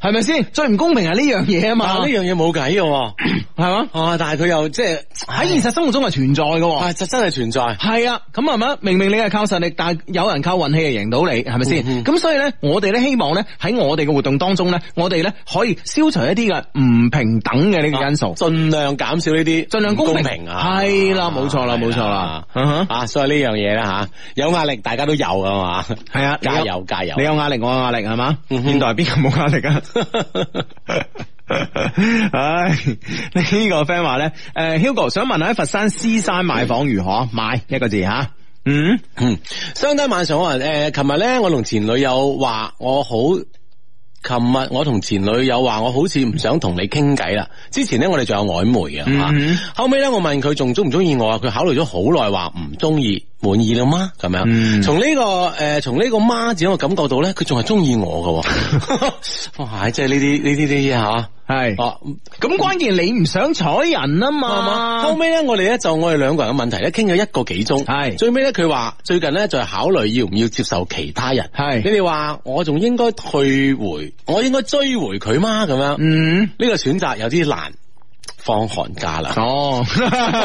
係咪先？最唔公平係呢樣嘢啊嘛？呢樣嘢冇計嘅，係嘛？啊！但係佢又即係喺現實生活中係存在嘅，係真係存在。係啊，咁係咪？明明你係靠實力，但係有人靠運氣嚟贏到你，係咪先？咁所以咧，我哋咧希望咧喺我哋嘅活動當中咧，我哋咧可以消除一啲嘅唔平等嘅呢個因素，盡量減少呢啲，盡量公平啊！係啦，冇錯啦，冇錯啦，吓，所以呢樣嘢啦吓，有壓力大家都有啊嘛？係啊，加油加油！你有壓力，我有壓力，係嘛？現代邊個冇壓力啊？唉、 哎，呢、這個 friend 話咧，誒，Hugo 想問下喺佛山獅山買房如何？買一個字吓，嗯，嗯。相低晚上我話誒，琴日咧我同前女友話我好，琴日我同前女友話我好似唔想同你傾偈啦。之前咧我哋仲有曖昧嘅吓，嗯、哼後尾咧我問佢仲中唔中意我啊？佢考慮咗好耐話唔中意。滿意啦嗎？咁樣，從呢、嗯這個誒，從、呃、呢個媽字，我感覺到咧，佢仲係中意我嘅。 哇，即係呢啲呢啲啲嘢吓，係哦。咁、啊是啊、關鍵你唔想睬人啊嘛。嗯、後尾咧，我哋咧就我哋兩個人嘅問題咧，傾咗一個幾鐘。係是最尾咧，佢話最近咧就係考慮要唔要接受其他人。係是你哋話我仲應該退回，我應該追回佢嗎？咁樣，嗯，呢個選擇有啲難。放寒假啦！哦，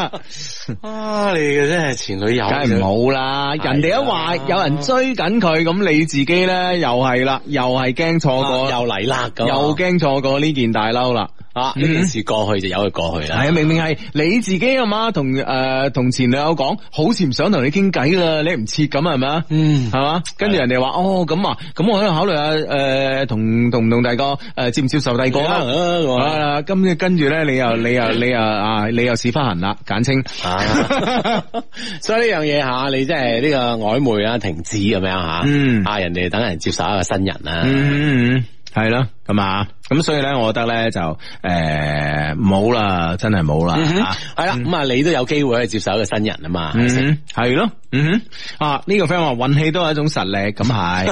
啊，你嘅真係前女友，梗係唔好啦！的人哋一話有人追緊佢，咁的你自己咧又係、啊、啦，又係驚錯過，又嚟啦，又驚錯過呢件大褸啦！啊，呢件事過去就由佢過去啦。係啊、嗯，明明係你自己啊嘛，同誒同前女友講，好似唔想同你傾偈啦，你唔切咁係咪？嗯，係嘛吧？跟住是的 人哋話哦，咁啊，咁我喺度考慮下，誒、呃，同同唔同第二個誒、呃，接唔接受第二個啊，咁跟住咧，你又、嗯、你又你又，你又啊，你又屎忽痕啦？簡稱， 所以呢樣嘢吓，你即係呢個曖昧啊，停止咁樣吓，啊，人哋等人，家人家接，受接受一個新人啦。係咯，咁啊，咁所以咧，我覺得咧就誒冇啦，真係冇啦。係啦，咁啊，你都有機會去接受一個新人啊嘛。係咯，嗯，啊呢個 friend 話運氣都係一種實力，咁係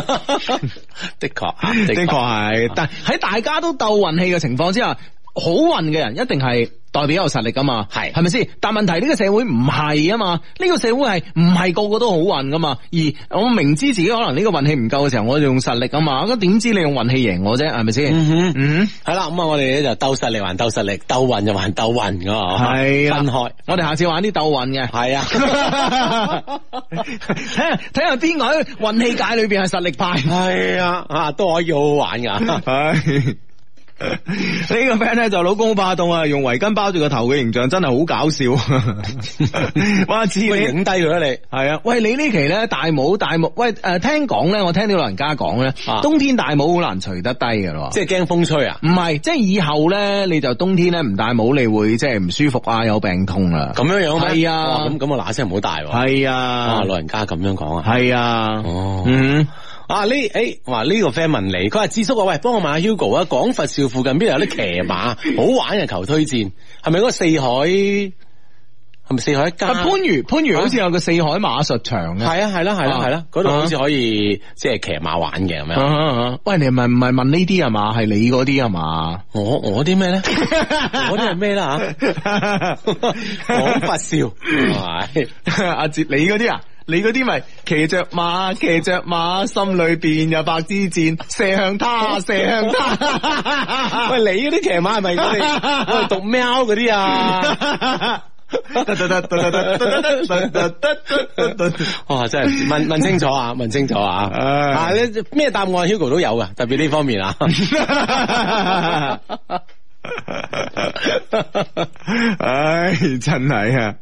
的確， 的確係。確 但喺大家都鬥運氣嘅情況之下，好運嘅人一定係代表有實力噶嘛，係係咪先？但問題呢個社會唔係啊嘛，呢個社會係唔係個個都好運噶嘛？而我明知自己可能呢個運氣唔夠嘅時候，我就用實力噶嘛，咁點知你用運氣贏我啫？係咪先？嗯哼，嗯，係啦，咁啊，我哋咧就鬥實力還鬥實力，鬥運就還鬥運噶，係、啊，分開、啊。我哋下次玩啲鬥運嘅，係是啊，睇下睇下邊個喺運氣界裏邊係實力派，係啊，啊都可以好好玩噶， 呢 個 friend 咧就老公好怕凍啊，用圍巾包住個頭嘅形象真係好搞笑。 哇，知影影低佢啦，你係啊喂，你帽帽帽帽？喂，你呢期咧戴帽戴帽，喂誒，聽講咧，我聽到老人家講咧，冬天戴帽好難除得低嘅咯，啊、即係驚風吹啊？唔係，即係以後咧，你就冬天咧唔戴帽，你會即係唔舒服啊，有病痛啦。咁樣樣係啊？咁咁我嗱一聲唔好戴。係啊，啊？老人家咁樣講啊？係啊？哦。嗯。嗯啊呢誒，話呢、哎這個 friend 問嚟，佢話智叔啊，喂，幫我問下 Hugo 啊，廣佛肇附近邊度有啲騎馬 好玩啊，求推薦，係咪嗰個四海？係咪四海一家？啊，番禺番禺好似有個四海馬術場嘅，係啊，係啦、啊，係啦、啊，係啦、啊，嗰度、啊啊、好似可以、啊、即係騎馬玩嘅咁樣。喂，你唔係唔係問呢啲啊嘛？係你嗰啲啊嘛？我我啲咩咧？我啲係咩啦？廣佛肇，係，阿 哲、啊啊啊啊，你嗰啲啊？你嗰啲咪騎着馬，騎着馬，心裏邊有白支箭射向他，射向他。 喂，你嗰啲騎馬係咪我哋讀喵嗰啲啊？哇、 哦！真係問問清楚啊，問清楚啊。 啊，你咩答案 Hugo 都有嘅，特別呢方面啊。 唉，真係啊！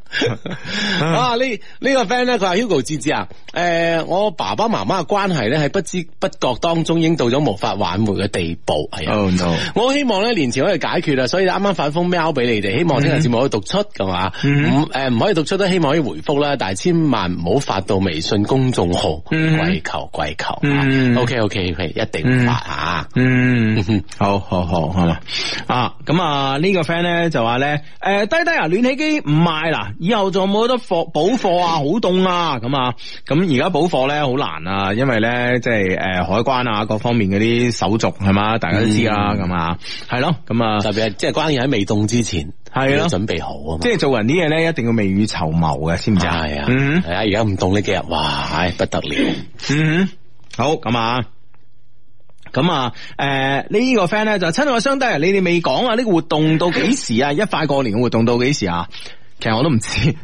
哇，呢呢、 呢個 friend 咧，佢話 Hugo 芝芝啊，誒、呃，我爸爸媽媽嘅關係咧，喺不知不覺當中，已經到咗無法挽回嘅地步。係、啊 oh, no 我希望咧年前可以解決啦，所以啱啱發封 mail 俾你哋，希望聽日節目可以讀出，係嘛、mm？唔、hmm. 誒、唔、呃、可以讀出都希望可以回覆啦，但係千萬唔好發到微信公眾號，跪求跪求。Mm hmm. o、okay, k okay, OK，一定發啊！嗯，好好好，係嘛啊！ 好 咁啊，呢個 friend 咧，就話咧，誒，低低啊，暖氣機唔賣啦，以後仲有冇得貨補貨啊？好凍啊，咁啊，咁而家補貨咧好難啊，因為咧即係誒海關啊，各方面嗰啲手續係嘛，大家都知啊，咁啊，係咯，咁啊，特別係即係關鍵喺未凍之前，係咯，準備好啊，即係做人啲嘢咧，一定要未雨綢繆嘅，知唔知係啊，係啊，而家唔凍呢幾日，哇，唉不得了，嗯，好咁啊。咁啊，誒、呃，這個、呢個 friend 咧就親愛嘅兄弟，你哋未講啊？呢個活動到幾時啊？ 一快過年嘅活動到幾時啊？其實我都唔知，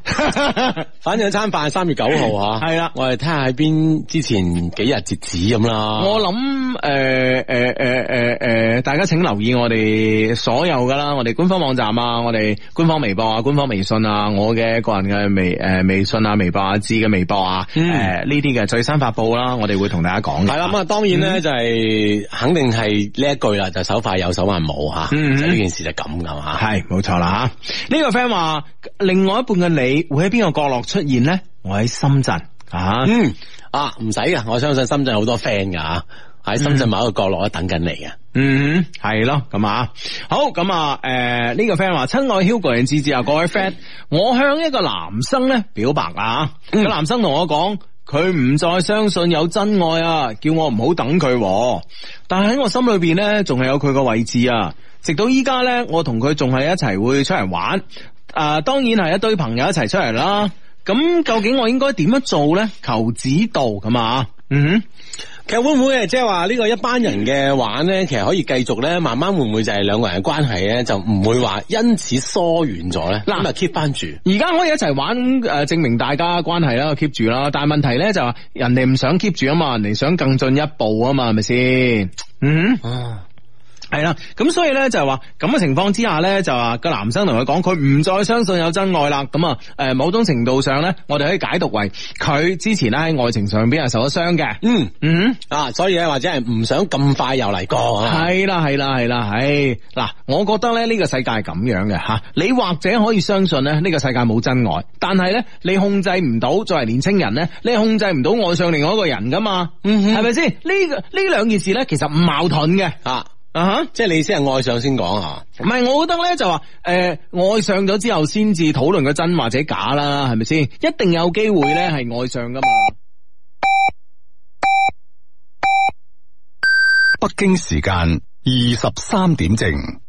反正餐飯三月九號啊。係啦，我哋睇下喺邊，之前幾日截止咁啦。我諗誒誒誒誒誒，大家請留意我哋所有噶啦，我哋官方網站啊，我哋官方微博啊，官方微信啊，我嘅個人嘅微誒微信啊，微博啊，自嘅微博啊，誒呢啲嘅最新發布啦，我哋會同大家講嘅。係啦，咁啊，當然咧就係肯定係呢一句啦，就手快有，手慢冇吓。呢件事就咁噶嘛。係，冇錯啦吓。呢個 friend 話。另外一半嘅你會喺邊個角落出現呢？我喺深圳啊，嗯啊，唔使噶，我相信深圳好多 friend 噶，喺深圳某一個角落等緊你嘅，嗯，係咯、嗯，咁啊，好咁啊，誒、呃，呢、這個 friend 話，親愛 Hugo、志志啊，各位 friend，我向一個男生咧表白啊，嗯、個男生同我講，佢唔再相信有真愛啊，叫我唔好等佢，但係喺我心裏邊咧，仲係有佢個位置啊，直到依家咧，我同佢仲係一齊會出嚟玩。啊，當然係一堆朋友一齊出嚟啦。咁究竟我應該點樣做咧？求指導咁啊。嗯哼，其實會唔會即係話呢個一班人嘅玩咧，其實可以繼續咧，慢慢會唔會就係兩個人嘅關係咧，就唔會話因此疏遠咗咧？咁啊 keep 翻住。而家可以一齊玩誒、呃，證明大家關係啦，keep 住啦。但係問題咧就話，人哋唔想 keep 住啊嘛，人哋想更進一步啊嘛，係咪先？嗯。啊係啦，咁所以咧就係話咁嘅情況之下咧，就話個男生同佢講，佢唔再相信有真愛啦。咁啊，誒、呃，某種程度上咧，我哋可以解讀爲佢之前咧喺愛情上邊係受咗傷嘅。嗯嗯哼，啊，所以咧或者係唔想咁快又嚟過。係啦係啦係啦，唉嗱，我覺得咧呢個世界係咁樣嘅吓，你或者可以相信咧呢個世界冇真愛，但係咧你控制唔到，作爲年輕人咧，你控制唔到愛上另外一個人噶嘛？嗯哼，係咪先？呢個呢兩件事咧其實唔矛盾嘅吓。啊啊、uh huh. 即係你先係愛上先講啊，唔係我覺得咧就話誒、呃、愛上咗之後先至討論個真或者假啦，係咪先？一定有機會咧係愛上噶嘛。北京時間二十三點正。